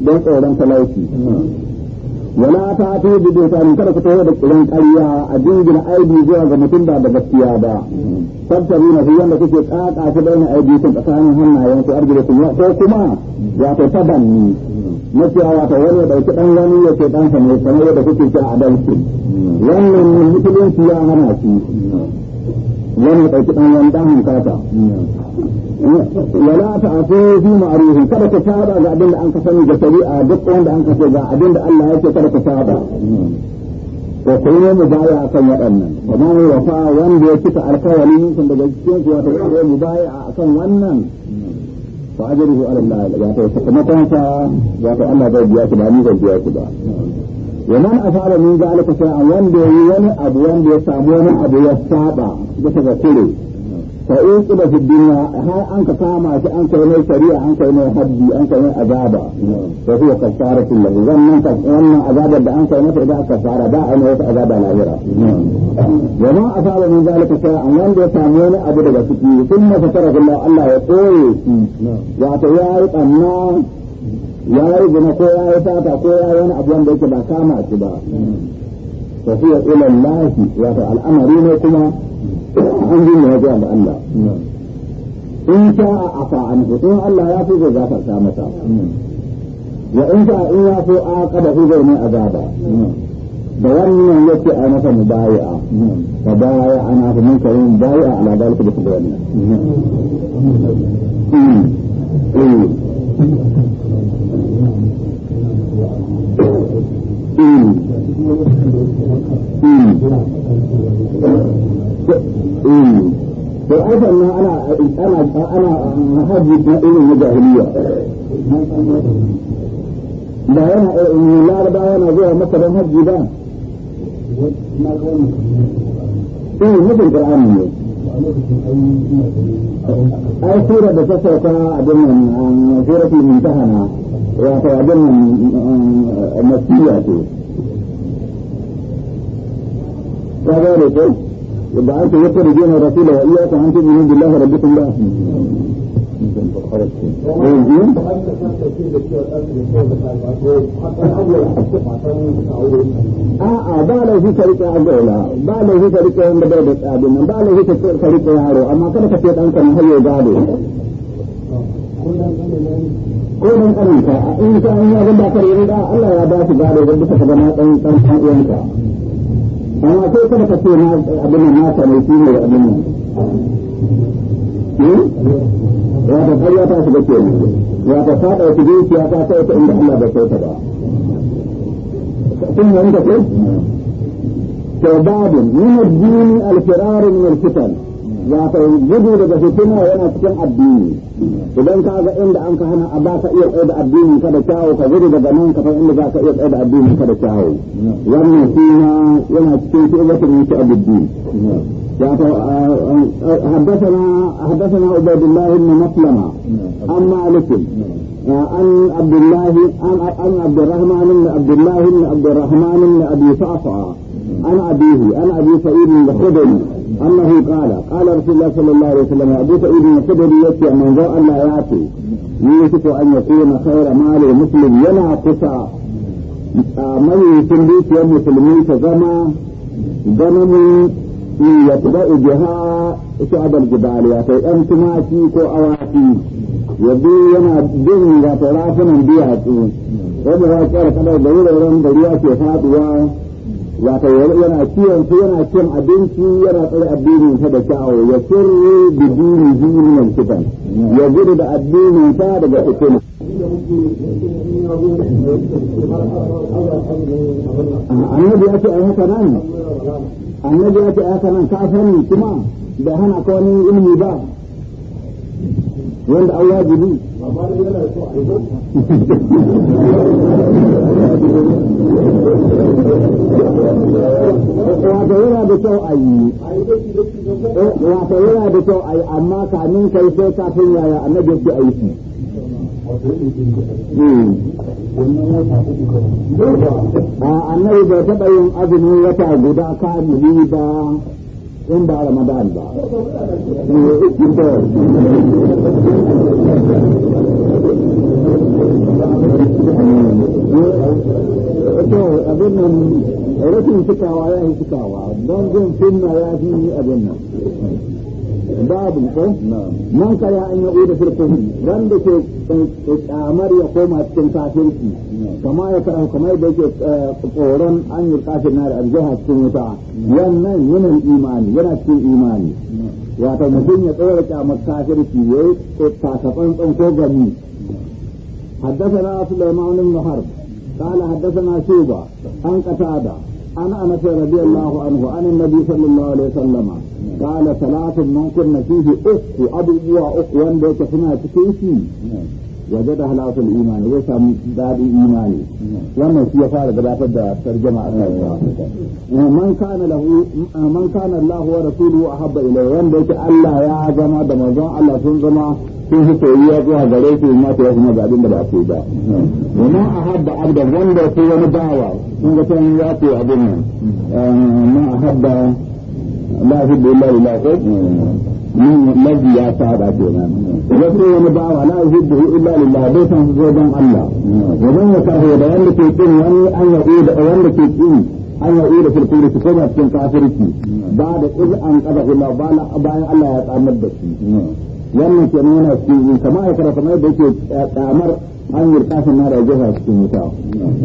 don tsoron talauci wala ta fi bude ta kada ku tawo da kiran ƙarya a jingina aibi zuwa ga mutum ba da gaskiya ba tattaru na shi wanda kuke kaka shi bayan aibi sun tsakanin hannayen ku sun ku ko kuma ya ta tabanni na cewa wato wani ya dauki ɗan wani ya ce dan sa sanar da kuke a a dalci wannan musulunci ya hana shi wani ɗauki ɗan wanda hankata wala ta afu fi ma'rufi kada ka saba ga abin da an ka sani ga shari'a duk wanda an ka ce ga abin da Allah yake kada ku saba kai kuma mu baya akan waɗannan kuma mu wafa wanda ya cika alkawari kun daga cikin su wato ko mu baya akan wannan fa ajruhu ala Allah ya ta sakamakon sa ta Allah bai biya ki ba ni bai biya ki ba wa man afala min zalika shay'an wanda yayi wani abu wanda ya samu wani abu ya saba bisa ga kure fa in kida fi dunya har an ka kama shi an kai mai shari'a an kai mai haddi an kai mai azaba fa huwa kafaratul lahu wannan wannan azabar da an kai masa da kafara ba ai wata azaba wa wanda ya samu wani abu daga ciki thumma fatara Allah Allah ya koye wato ya yi ya yi zina ko ya yi tata ko ya yi wani abu wanda yake ba kama shi ba fa ya ila Allah wato al'amari ne kuma an yi ne wajen ga Allah in sha a afa an in Allah ya fi zai ta masa wa in sha in ya a kada fi zai a azaba da wannan yake a masa bayia ta baya ana fi mun kai mubai'a ala dalika da wannan to ai sannan ana na zuwa maka don hajji ba eh mutum ne ai sura da ta sauka abin nan eh, sura fi mintahana wato abin nan eh, masiya ce ka gane ko da aka yi tarjiyar rasula wa iyaka an tuzu min billahi rabbikum la cikin harafin yanzu a'a ba laifi ka a agola ba laifi ka rike wanda bai da tsadin nan ba laifi ka amma kada ka ce dan kan hayo gado ko dan karanta a in ka an yi ba kare Allah ya ba shi gado da duka ka na dan dan amma sai kada ka ce na abin nan na sanin shi ne abin nan wato ƙarya ta shiga ke ne wato ta ɗauki zuciya ta kai ta inda Allah bai kai ta ba kun yanka ko to babu min addini al-firar min al-fitan wato gudu daga fitina yana cikin addini idan ka ga inda an fahimta a ba ka iya tsaye da addini ka da kyawu ka gudu daga nan ka inda za ka iya tsaye da addini ka da kyawu wannan shi na yana cikin shi wata ne a abuddin ya ta haddasa na haddasana ubaydullah na maslama an malikin an abdullahi an an abdurrahman ibn abdullah ibn abdurrahman ibn abi sa'fa an abihi an abi sa'id al-khudri أنه قال قال رسول الله صلى الله عليه وسلم أبو سعيد الخدري يأتي من ذا الله يأتي يوشك أن يكون خير مال المسلم ينعكس من يسليك المسلمين كزما غنم يتبع بها شعب الجبال يأتي أن تماشي كو أواتي يبدو ينا دين وتراسنا بيعتي ومغاكرة قدر دولة ورم دولة في فاتوا wato yana kiyon su yana cin abinci yana tsare addinin ta da sha'awa ya sirri da dini duniyan kitan ya gudu da addinin ta daga hukuma annabi ya ce a haka nan annabi ya ce a haka nan ka sani kuma da hana ka wani ilimi ba wanda an wajibi wato yana da kyau a yi eh, wato yana da kyau a yi amma kamin kai sai kafin yaya annabi yake aiki a hmm. annabi bai taɓa yin azumin wata guda kamili ba in ba Ramadan ba. To abin nan rashin cikawa ya yi cikawa don jin sunna ya fi abin nan. babu ko man kaya an ya uda fil kufr da ke eh, eh, kamar ya koma cikin kafirci kama ya kara kamar da ke eh, tsoron an yi kafir na da aljaha cikin wuta wannan yana imani yana cikin imani wato mutum ya tsora kyamar kafirci ya yi tsakatsantsan ko gani حدثنا sulaiman ibn harb قال حدثنا شوبة عن قتادة عن أنس رضي الله عنه عن النبي صلى الله عليه وسلم قال ثلاث من كنا فيه أخو أبو بوا أخو وان بيك سنة تكيسي وجد هلاوة الإيمان ويسا مداد إيماني لما سيفار بلافة دا ترجمة من كان له من كان الله ورسوله أحب إليه وان بيك الله يا جماعة دمزان الله سنزمه sun fi soyayya zuwa gare su ma ta yasu ga abin da ba su ba wani a hadda abda wanda ko wani bawa sun ga can ya ce abin nan ma a hadda la uhibbu illa lillah ko mazi ya saba nan. ya ce wani bawa la uhibbu illa lillah bai san zo don Allah wa man yasahu da wanda ke kin wani an ya da wanda ke kin an ya ida fil kuri su koma cikin kafirci ba da iz an qada illa bala bayan Allah ya tsamar da shi wannan ke nuna shi kamar aikata kamar da yake eh, tsamar an yi kafin na da jiha cikin wuta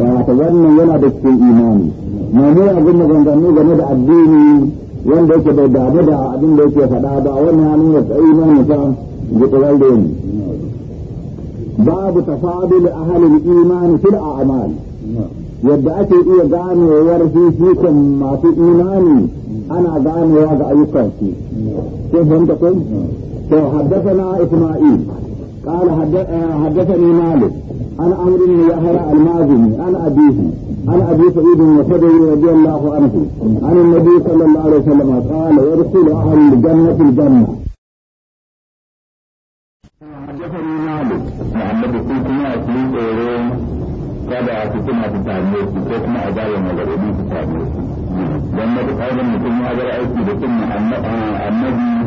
wato wannan yana da cikin imani mai ne abin da game da addini wanda yake bai damu da abin da yake faɗa ba wannan ya nuna tsayi na mutum guturar da ne babu tafadul ahalul imani fil a'mal yadda ake iya ganewar fifikon masu imani ana ganewa ga ayyukansu ko fahimta ko to haddathana isma'il قال حدثني مالك عن عمرو بن يحيى المازني عن ابيه عن ابي سعيد الخدري رضي الله عنه عن النبي صلى الله عليه وسلم قال يدخل اهل الجنه الجنه. حدثني مالك محمد كنت مع سليم ايرون تابع كتنا في داية مغربي في التعليم لما تقابل مثل ما اقدر ايتي بكم النبي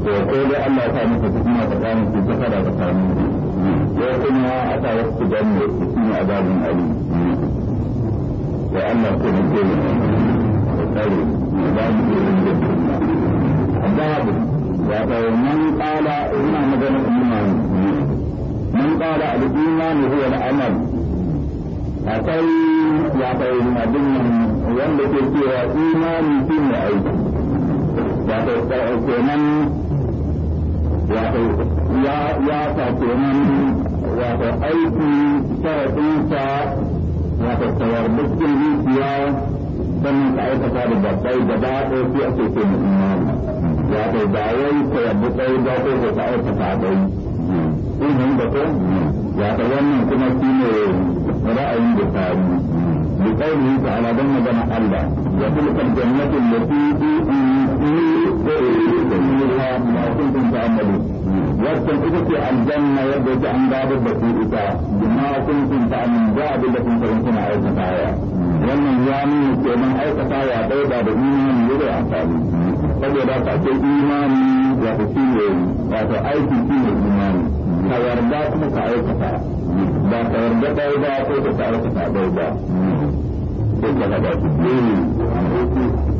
آه، وقال الله تعالى فتكما تقامل في سفر تقامل وكما اتى وقت جنة بسم عذاب اليم da Allah ko da ke da tsare da mu ke da babu ya da man qala ina magana imani man qala aiki ya tattawar duk dukiya sannan ka aikata da babbai gaba ɗaya sai ake ce mu imani ya kai ba wai ka yabi tsayi ba ko ko ka aikata dai in hin da ko ya ta wannan kuma shine ra'ayin da tari bi qawlihi ta'ala dan magana Allah ya tilka jannatin lati wacce ita ce aljanna yadda yake an gabar da su ita jima ba abin da kun wannan ya nuna ke nan da da imani saboda ka imani ya ta shi ne ba ka yarda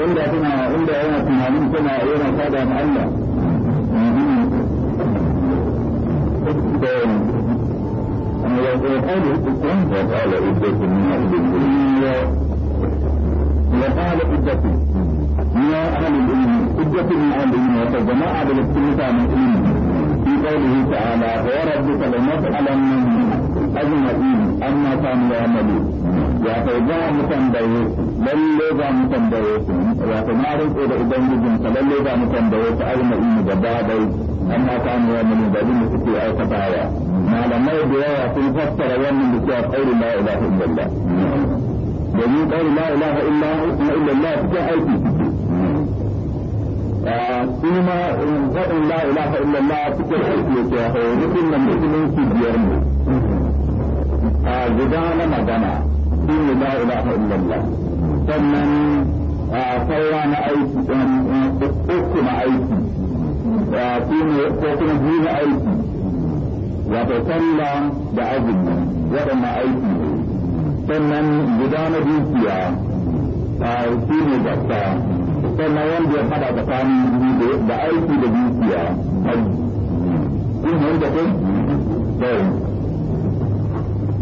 wanda tana inda yana tunanin tana yana sada ma Allah وقال عدة من أهل العلم وقال عدة من أهل العلم عدة من أهل العلم وقد جماعة بالاستمتاع من العلم في قوله تعالى وربك لنسألنهم azumadini an mata mu ya malu ya kai ba mu tambaye lalle ba mu tambaye ku ya kai na rinko da idan gudun ka ba mu tambaye ku azumadini da babai an mata mu ya a guda na magana shi la ilaha illallah sannan saura na aiki um, um, uku na aiki ko kuma biyu na aiki wato sallah da azumi waɗannan aiki sannan guda na dukiya shi ne zakka sannan wanda ya fada tsakanin biyu da aiki da dukiya kun hanta ko?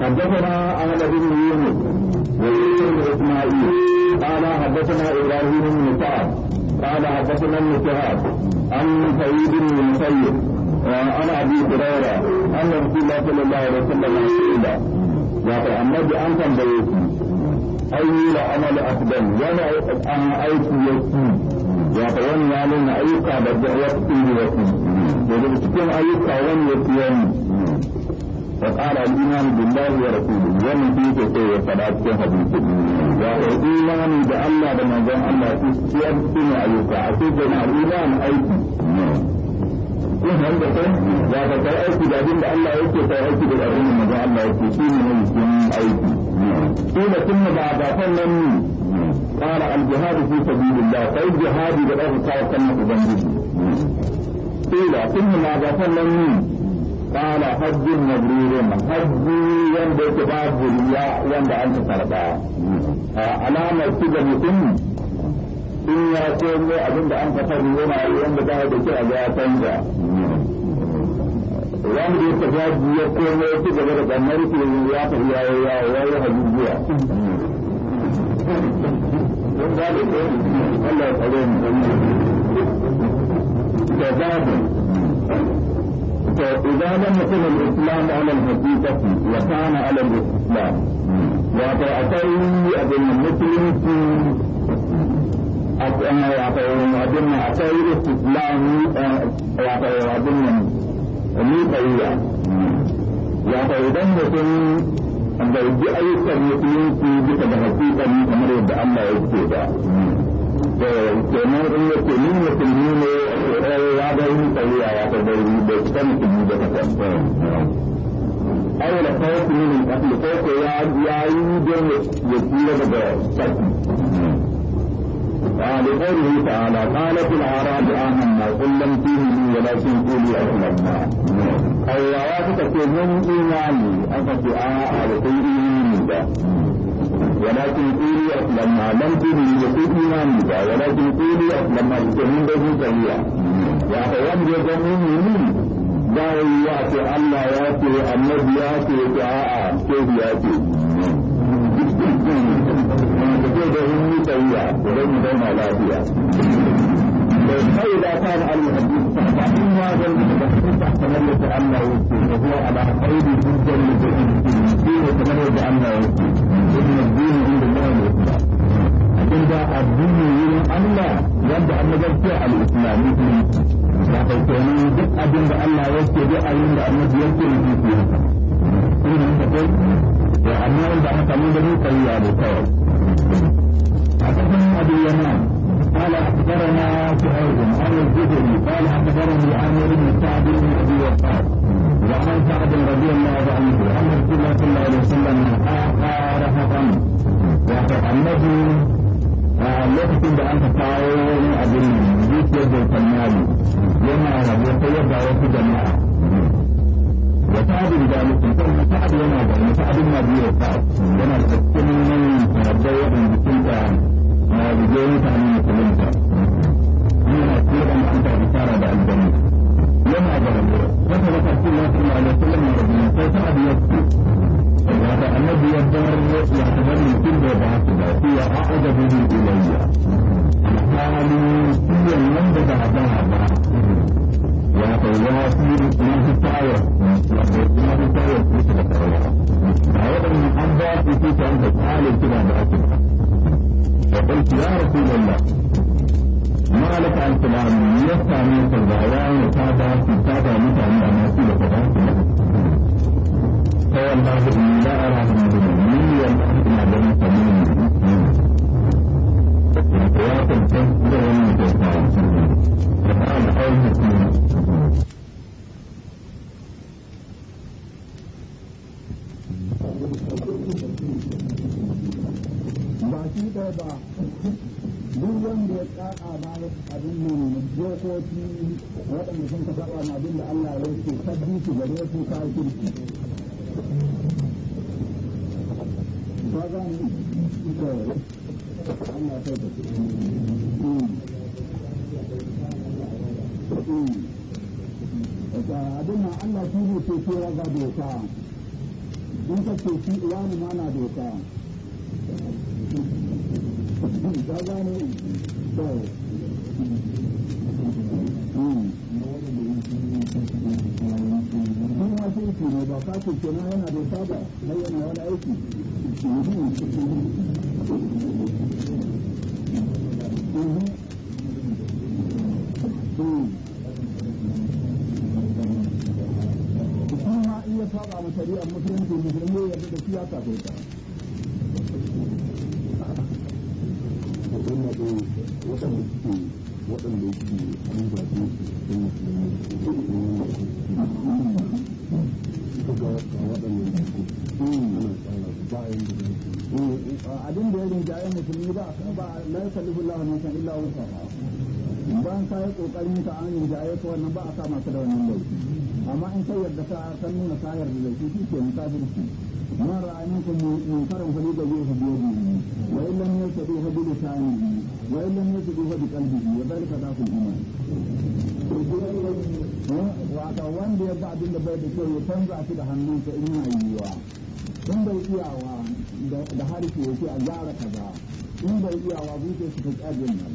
حدثنا أحمد بن يونس ويوسف بن إسماعيل قال حدثنا إبراهيم بن سعد قال حدثنا ابن شهاب عن سعيد بن المسيب وعن أبي هريرة أن رسول الله صلى الله عليه وسلم قال يا محمد أنت بيتي أي لعمل أفضل ولا أيتي يسير wato wani ya nuna ayyuka da ya fi yi wasu daga cikin ayyuka wani ya fi wani فقال الإيمان بالله ورسوله ونبيك سوى صلاة حديث والإيمان بالله بما جاء الله تسير سمع يقع سيدنا الإيمان أيضا kun hanga kai za ka kai aiki da abin da Allah yake kai aiki da abin da manzo Allah yake shi ne قال الجهاد في سبيل الله فإن جهادي قال كلمة أبنجي قيل ثم ماذا مني قال حج مبرور حج وند كتاب الرياء وند أنت سرطا علامة كده mutum in ya ce mai abin da an fasa da yana yi wanda ba da ke a ga canza wanda ya tafi haji komo ya ci gaba da gannar ke ya tafi ya yi ya yi haji zuwa don ba da ke Allah ya tsare mu فإذا لم يكن الإسلام على الحقيقة وكان على الاستسلام وأتأتي أبن المسلم في أبن أتي استسلام وأبن ميقية وأتأذن يكن da yi ayyukan musulunci ya bari tsariya ya ta bari da can kuma da ta aure kawai min kafin ko ya yi don ya tsira daga sarki لقوله تعالى قالت الأعراب آمنا قل لم تؤمنوا ولكن قولوا أسلمنا أو يراك تكون إيماني أنت في آه على كل إيمان ولكن قولي أسلمنا لم تبني يقول إيماني ولكن قولي أسلمنا لتهين به سريعا وأخوان يجمعين مني باوي ياتي الله ياتي النبي ياتي دعاء كيف ياتي تقول به سريعا ولم يدعنا لافيا فإذا كان الحديث فإن هذا الحديث تملك أنه وهو على قيد جدا لجهده فيه تملك أنه وكيل inna dini inda Allah ne abinda addini wurin Allah wanda annabar ce al-islami ne da kai kenan duk abinda Allah yake duk abinda annabi yake yi ke irin da kai da amma da aka mun da kai ya da kai أخبرنا أبي اليمان قال أخبرنا سعيد عن الزهري قال أخبرني عامر بن سعد بن أبي وقاص وعن سعد رضي الله عنه أن رسول الله صلى الله عليه وسلم أعطى رفقا وتقمده lokacin da an ka kawo wani abin zuciyar da kamali yana rabu ta yadda wasu jama'a wa sa'adin da mutum kan sa'ad yana da wani sa'adin na biyu da yana da cikin nan tarabbai waɗanda sun da rige mutane musulunta yana kuma an ta bisara da aljanna yana gaban wata wata ce ya fi ma'ana sallan ya rabu sai ta abu ya fi wata annabi ya bar ya kamar mutum da ba su ba su ya a'adabu ilayya alhalin funcionaba la rotada, no hay una hora da ya ko wannan ba a kama ka da wannan laifi amma in sai yadda ta san nuna sayar da laifi shi ke musafirci amma ra'ayin kun mun karin fali da zai da bi wa in lam yasdu hadu bi sani wa ne ta yasdu hadu qalbi wa dalika da kun iman wata wanda ya ba abin da bai da kyau ya canza shi da hannunsa in yana yiwuwa in bai iyawa da harshe ya ce a gyara kaza in bai iyawa su ta kyajin nan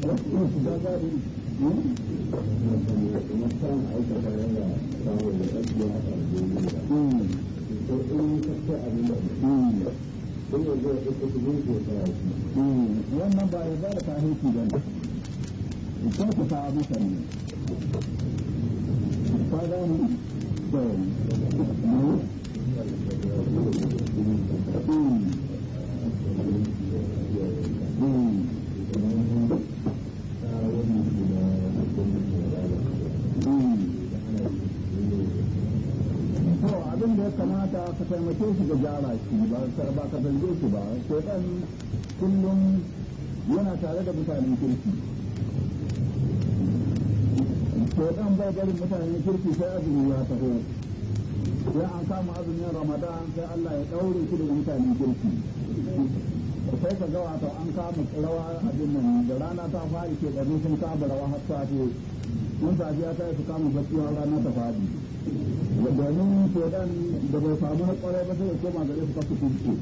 wannan ba ibada ta aiki ba ne ko ta ta abu ta ne ka ga ni to ka taimake shi ga gyara shi ba ba ka zarge shi ba shaitan kullum yana tare da mutanen kirki shaitan bai barin mutanen kirki sai azumi ya taho ya an kama azumin ramadan sai Allah ya daure shi daga mutanen kirki sai ka ga wato an kama rawa abin nan da rana ta fari shekaru sun kama rawa har safe mun safiya ta yi su kama bacci rana ta fadi domin shaidan da bai samu na kwarai ba sai ya koma gare su kasu tuntu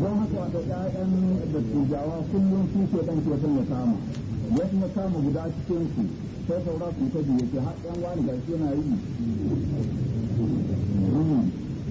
don haka wata ƴaƴan da tujawa kullum su shaidan ke son ya kama ya na kama guda cikin su sai saura su ta biyu ke har ƴan wani gashi yana yi hmm.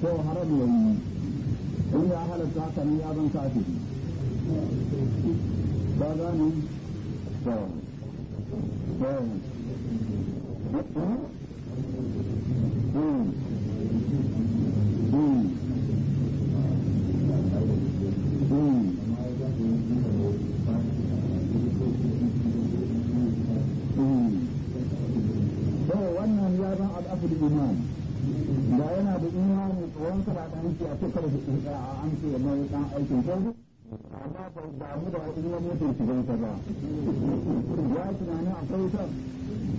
ko haram ya yi in ya halatta haka nan ya zan kafi ba za ni an ce a ce kada su an ce mai dan aikin ko amma ba mu da in wani mutum shigan ta ba ya tunanin akwai ta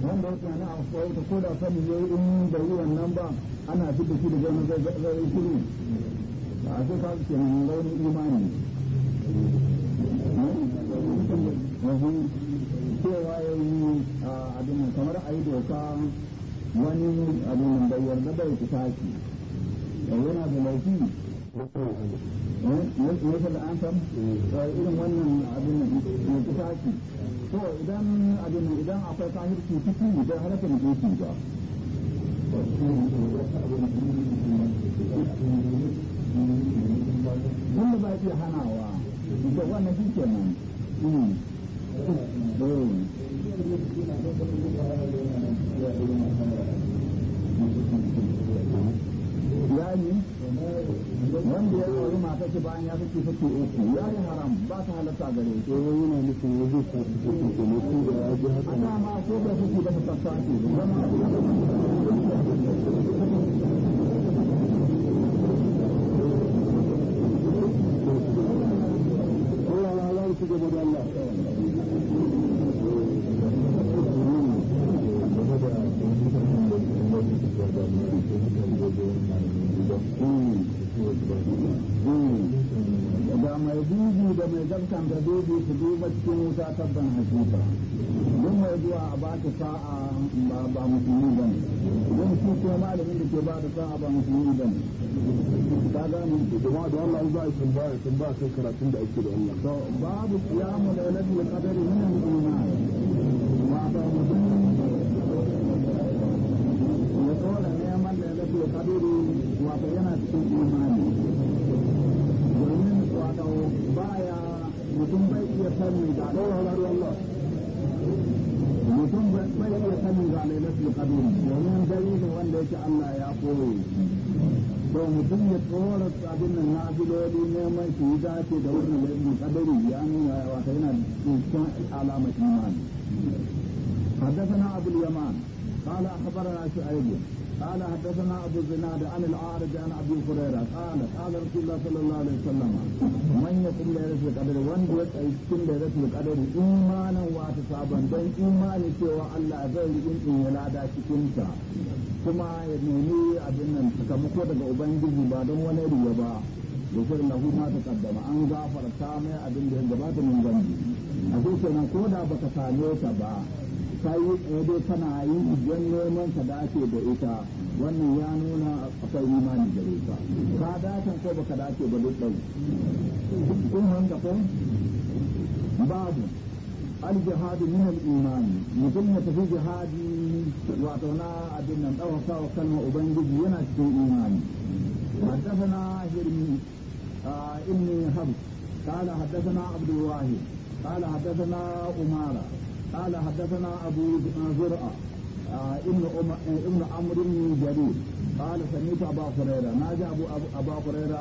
wanda ya tunanin akwai ta ko da sani ya in da yi wannan ba ana fi da shi da gani zai zai shiru a ce ka ke nan rauni imani cewa ya yi abin kamar a yi doka wani abin da yarda bai kusa shi yana da laifi eh, yake da an san eh, irin wannan abin mai kitaki to idan abin idan akwai sahirci ciki da halakar jiki ba wanda ba ke hanawa da wannan shi ke nan hmm. eh. mutu bayan ya saki saki uku ya yi haram ba ta halatta gare shi ko eh, yana nufin ya zai ne ko da ya ji haka ana ma ko da da ta Allah ya gaba da Allah da dubi su duba cikin wuta tabban hakika don mai zuwa a ba ta sa'a ba ba musulmi ba don shi ko malamin da ke ba da sa'a ba musulmi ba ta gani kuma da Allah ya a sun ba sun ba sai karatun da ake da Allah to babu qiyamu da qadri min al-iman ma ba musulmi ya da neman da qadri wato yana cikin imani domin wato baya mutum bai iya sani da ɗaurarwar Allah mutum bai iya sani da lailatul qadr domin dare ne wanda yake Allah ya koye to mutum ya tsora abin nan na biloli neman su yi dace da wurin lailatul kadari ya nuna wata yana cikin alamar imani حدثنا أبو اليمان قال أخبرنا شعيب قال حدثنا ابو الزناد عن العارج عن ابي هريره قال قال رسول الله صلى الله عليه وسلم من يقوم ليله القدر وان دوت اي cewa Allah zai yi in ya lada cikin kuma ya nemi abin nan sakamako daga ubangiji ba don wani riya ba yashir lahu ma taqaddama an gafarta mai abin da ya gabata min zambi a ko da baka same ta ba kai yi kana a yanki jan lemun ka dace da ita wannan ya nuna a kai umar da ita ka da shan kaɓa ka dace ba duk ɗau. tun hankafan babu ali jihadi muhimmi umarni mutumin da fi jihadi wato na abin da ɗan wasu kan wani yana cikin imani haddasa na irin in ni haru. ta la haddasa na na umara. قال حدثنا أبو زرعة ابن ابن عمرو بن جرير قال سمعت أبا هريرة ما جاء أبو أبا هريرة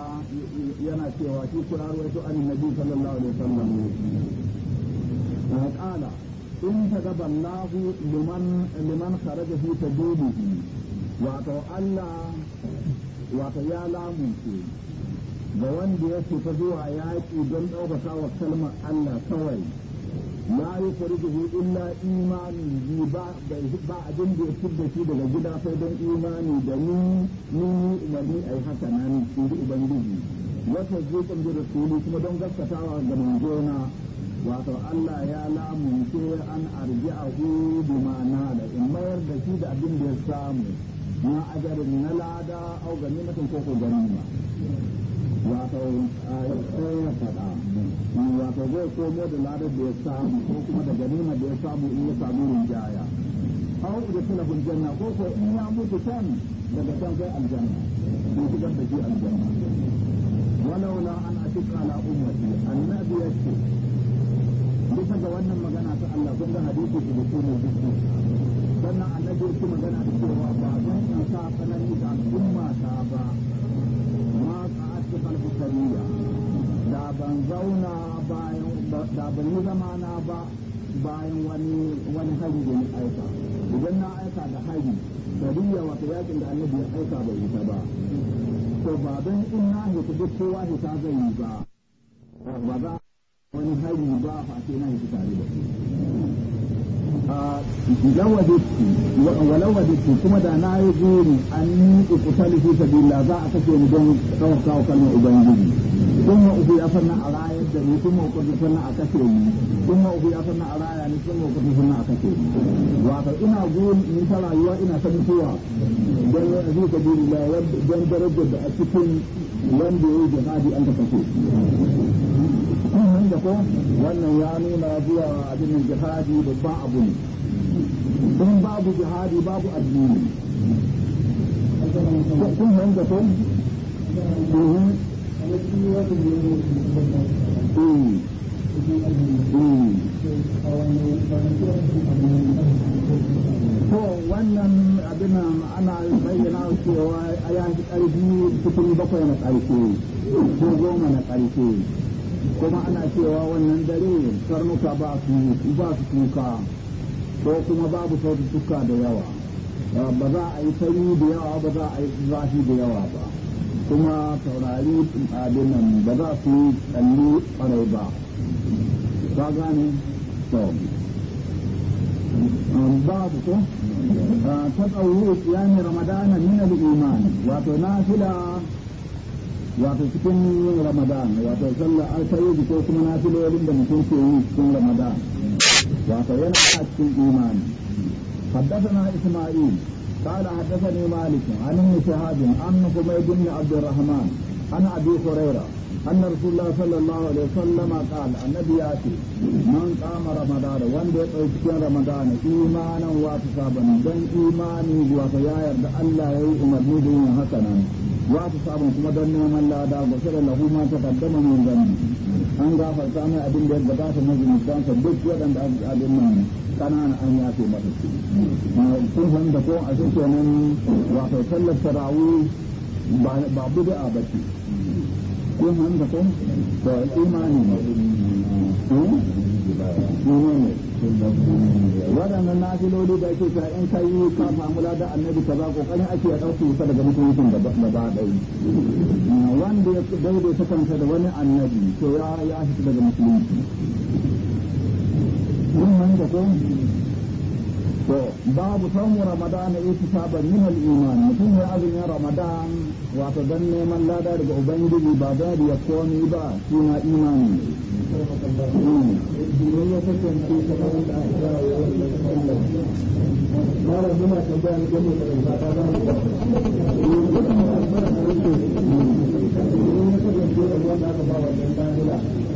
ينا سوى في قرار عن النبي صلى الله عليه وسلم قال إن كتب الله لمن لمن خرج في سبيله wato Allah wato ya lamunce ga wanda ya fita zuwa yaƙi don ɗaukaka wa kalmar Allah kawai ma yi farjihu illa imani bi ba da ba da ya da shi daga gida sai don imani da ni ni umarni ai haka nan shi ubangiji wata zuƙin da rasuli kuma don gaskatawa ga manzona wata Allah ya lamunce an arji'ahu bima nada in mayar da shi da abin da ya samu na ajarin na lada au ganimatin ko ko ganima wato sai ya faɗa eh, wato zai komo da ladar da ya samu ko kuma da ganima da ya samu in ya samu rinjaya aw da kula janna ko ko in ya mutu can daga can kai aljanna ko shigar da shi aljanna walaula an atiqa ala ummati annabi yace bisa ga wannan magana ta Allah kun ga hadisi da kuma dukkan sannan annabi yake magana da cewa ba zan sa tsanani da al'umma ta ba Da ban zauna bayan da ban بان na ba bayan wani wani haji da aika idan na aika da haji da riya wata yakin da annabi ya aika bai ita ba to ba don in na hita duk kowa hita zai yi ba ba wani haji ba fa sai na hita tare da لو وجدت ولو وجدت كما دا نا يقول أني أقتل في سبيل الله ذا أتكي مدون توقع وكلمة أبنجي ثم أفي أفرنا على يدري ثم أقضي فرنا أتكي ثم أفي أفرنا على يعني ثم أقضي فرنا أتكي وعطا إنا أقول من ترى يوا إنا سمسوا جن في سبيل الله جن درجة أتكي وان بيجي هذه أنت تكي ko wannan ya nuna zuwa abinin jihadi babban abu ne don babu jihadi babu addini kun nan ko eh. Eh. Eh. To wannan abin ana bayyana cewa a yashi ƙarfi cikin bakwai na ƙarshe ko goma na ƙarshe kuma ana cewa wannan dare karnuka ba su ba su tuka ko kuma babu tuka da yawa ba za a yi sanyi da yawa ba za a yi zafi da yawa ba kuma taurari abin nan ba za su yi tsalli ƙwarai ba ka gane to um, babu ko ta tsawo ya ramadana min al-iman wato nafila waƙe cikin wunin ramadan waƙe tsalla alƙalili ko kuma na da mutum ke yi cikin ramadan wato yana a cikin imani haddasa na isma'il kada haddasa ni malik an wuce hajin am na kuma ya gumi ana adis-waraira. أن رسول الله صلى الله عليه وسلم قال النبي ياتي من قام رمضان وان دي قيسكين رمضان إيمانا واتصابا دن إيماني وفيا يرد الله يوم المدين حسنا واتصابا ثم دن من لا دا غفر له ما تقدم من ذنبه أن غافة mai أبن da ya مجمع na zunuban sa duk waɗanda abin nan kanana an yafe masa su kun san da ko a cikin nan kun hanta ko da imani hmm? ne waɗannan nafiloli da ake cewa in kai ka samu ladan annabi kaza kokarin ake ya ɗauke ta daga mutuncin da ba dai wanda ya ta kansa da wani annabi to ya ya daga musulunci to babu samun ramadan ita ta saba min al-iman mutum ya azu ne ramadan wato dan neman lada daga ubangiji ba za ya komi ba shi iman. ne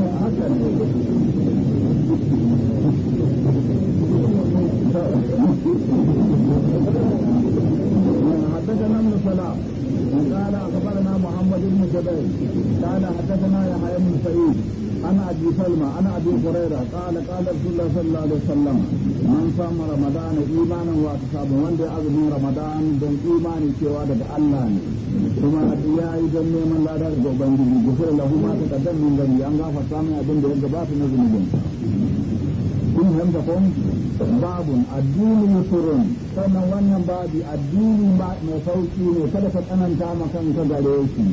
حدثنا ابن سلام قال اخبرنا محمد بن جبير قال حدثنا يحيى بن سعيد عن ابي سلمى عن ابي هريره قال قال رسول الله صلى الله عليه وسلم من صام رمضان ايمانا واحتسابا من دي عظم رمضان دون ايماني كيوا دغ الله ني كما يا ايدن نيمن لا دار غبن دي غفر له ما تقدم من ذنبي ان غفر سامي ابن دي غبات نزلين kun hamta ko babun addini surun sannan wannan babi addini mai sauki ne kada ka tsananta ma kanka gare shi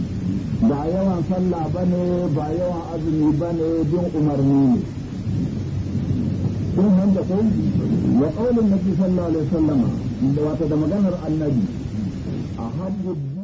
ba yawan sallah bane ba yawan azumi bane bin umarni ne kun hamta ko wa qaulin nabi sallallahu alaihi wasallam wato da maganar annabi a hannun.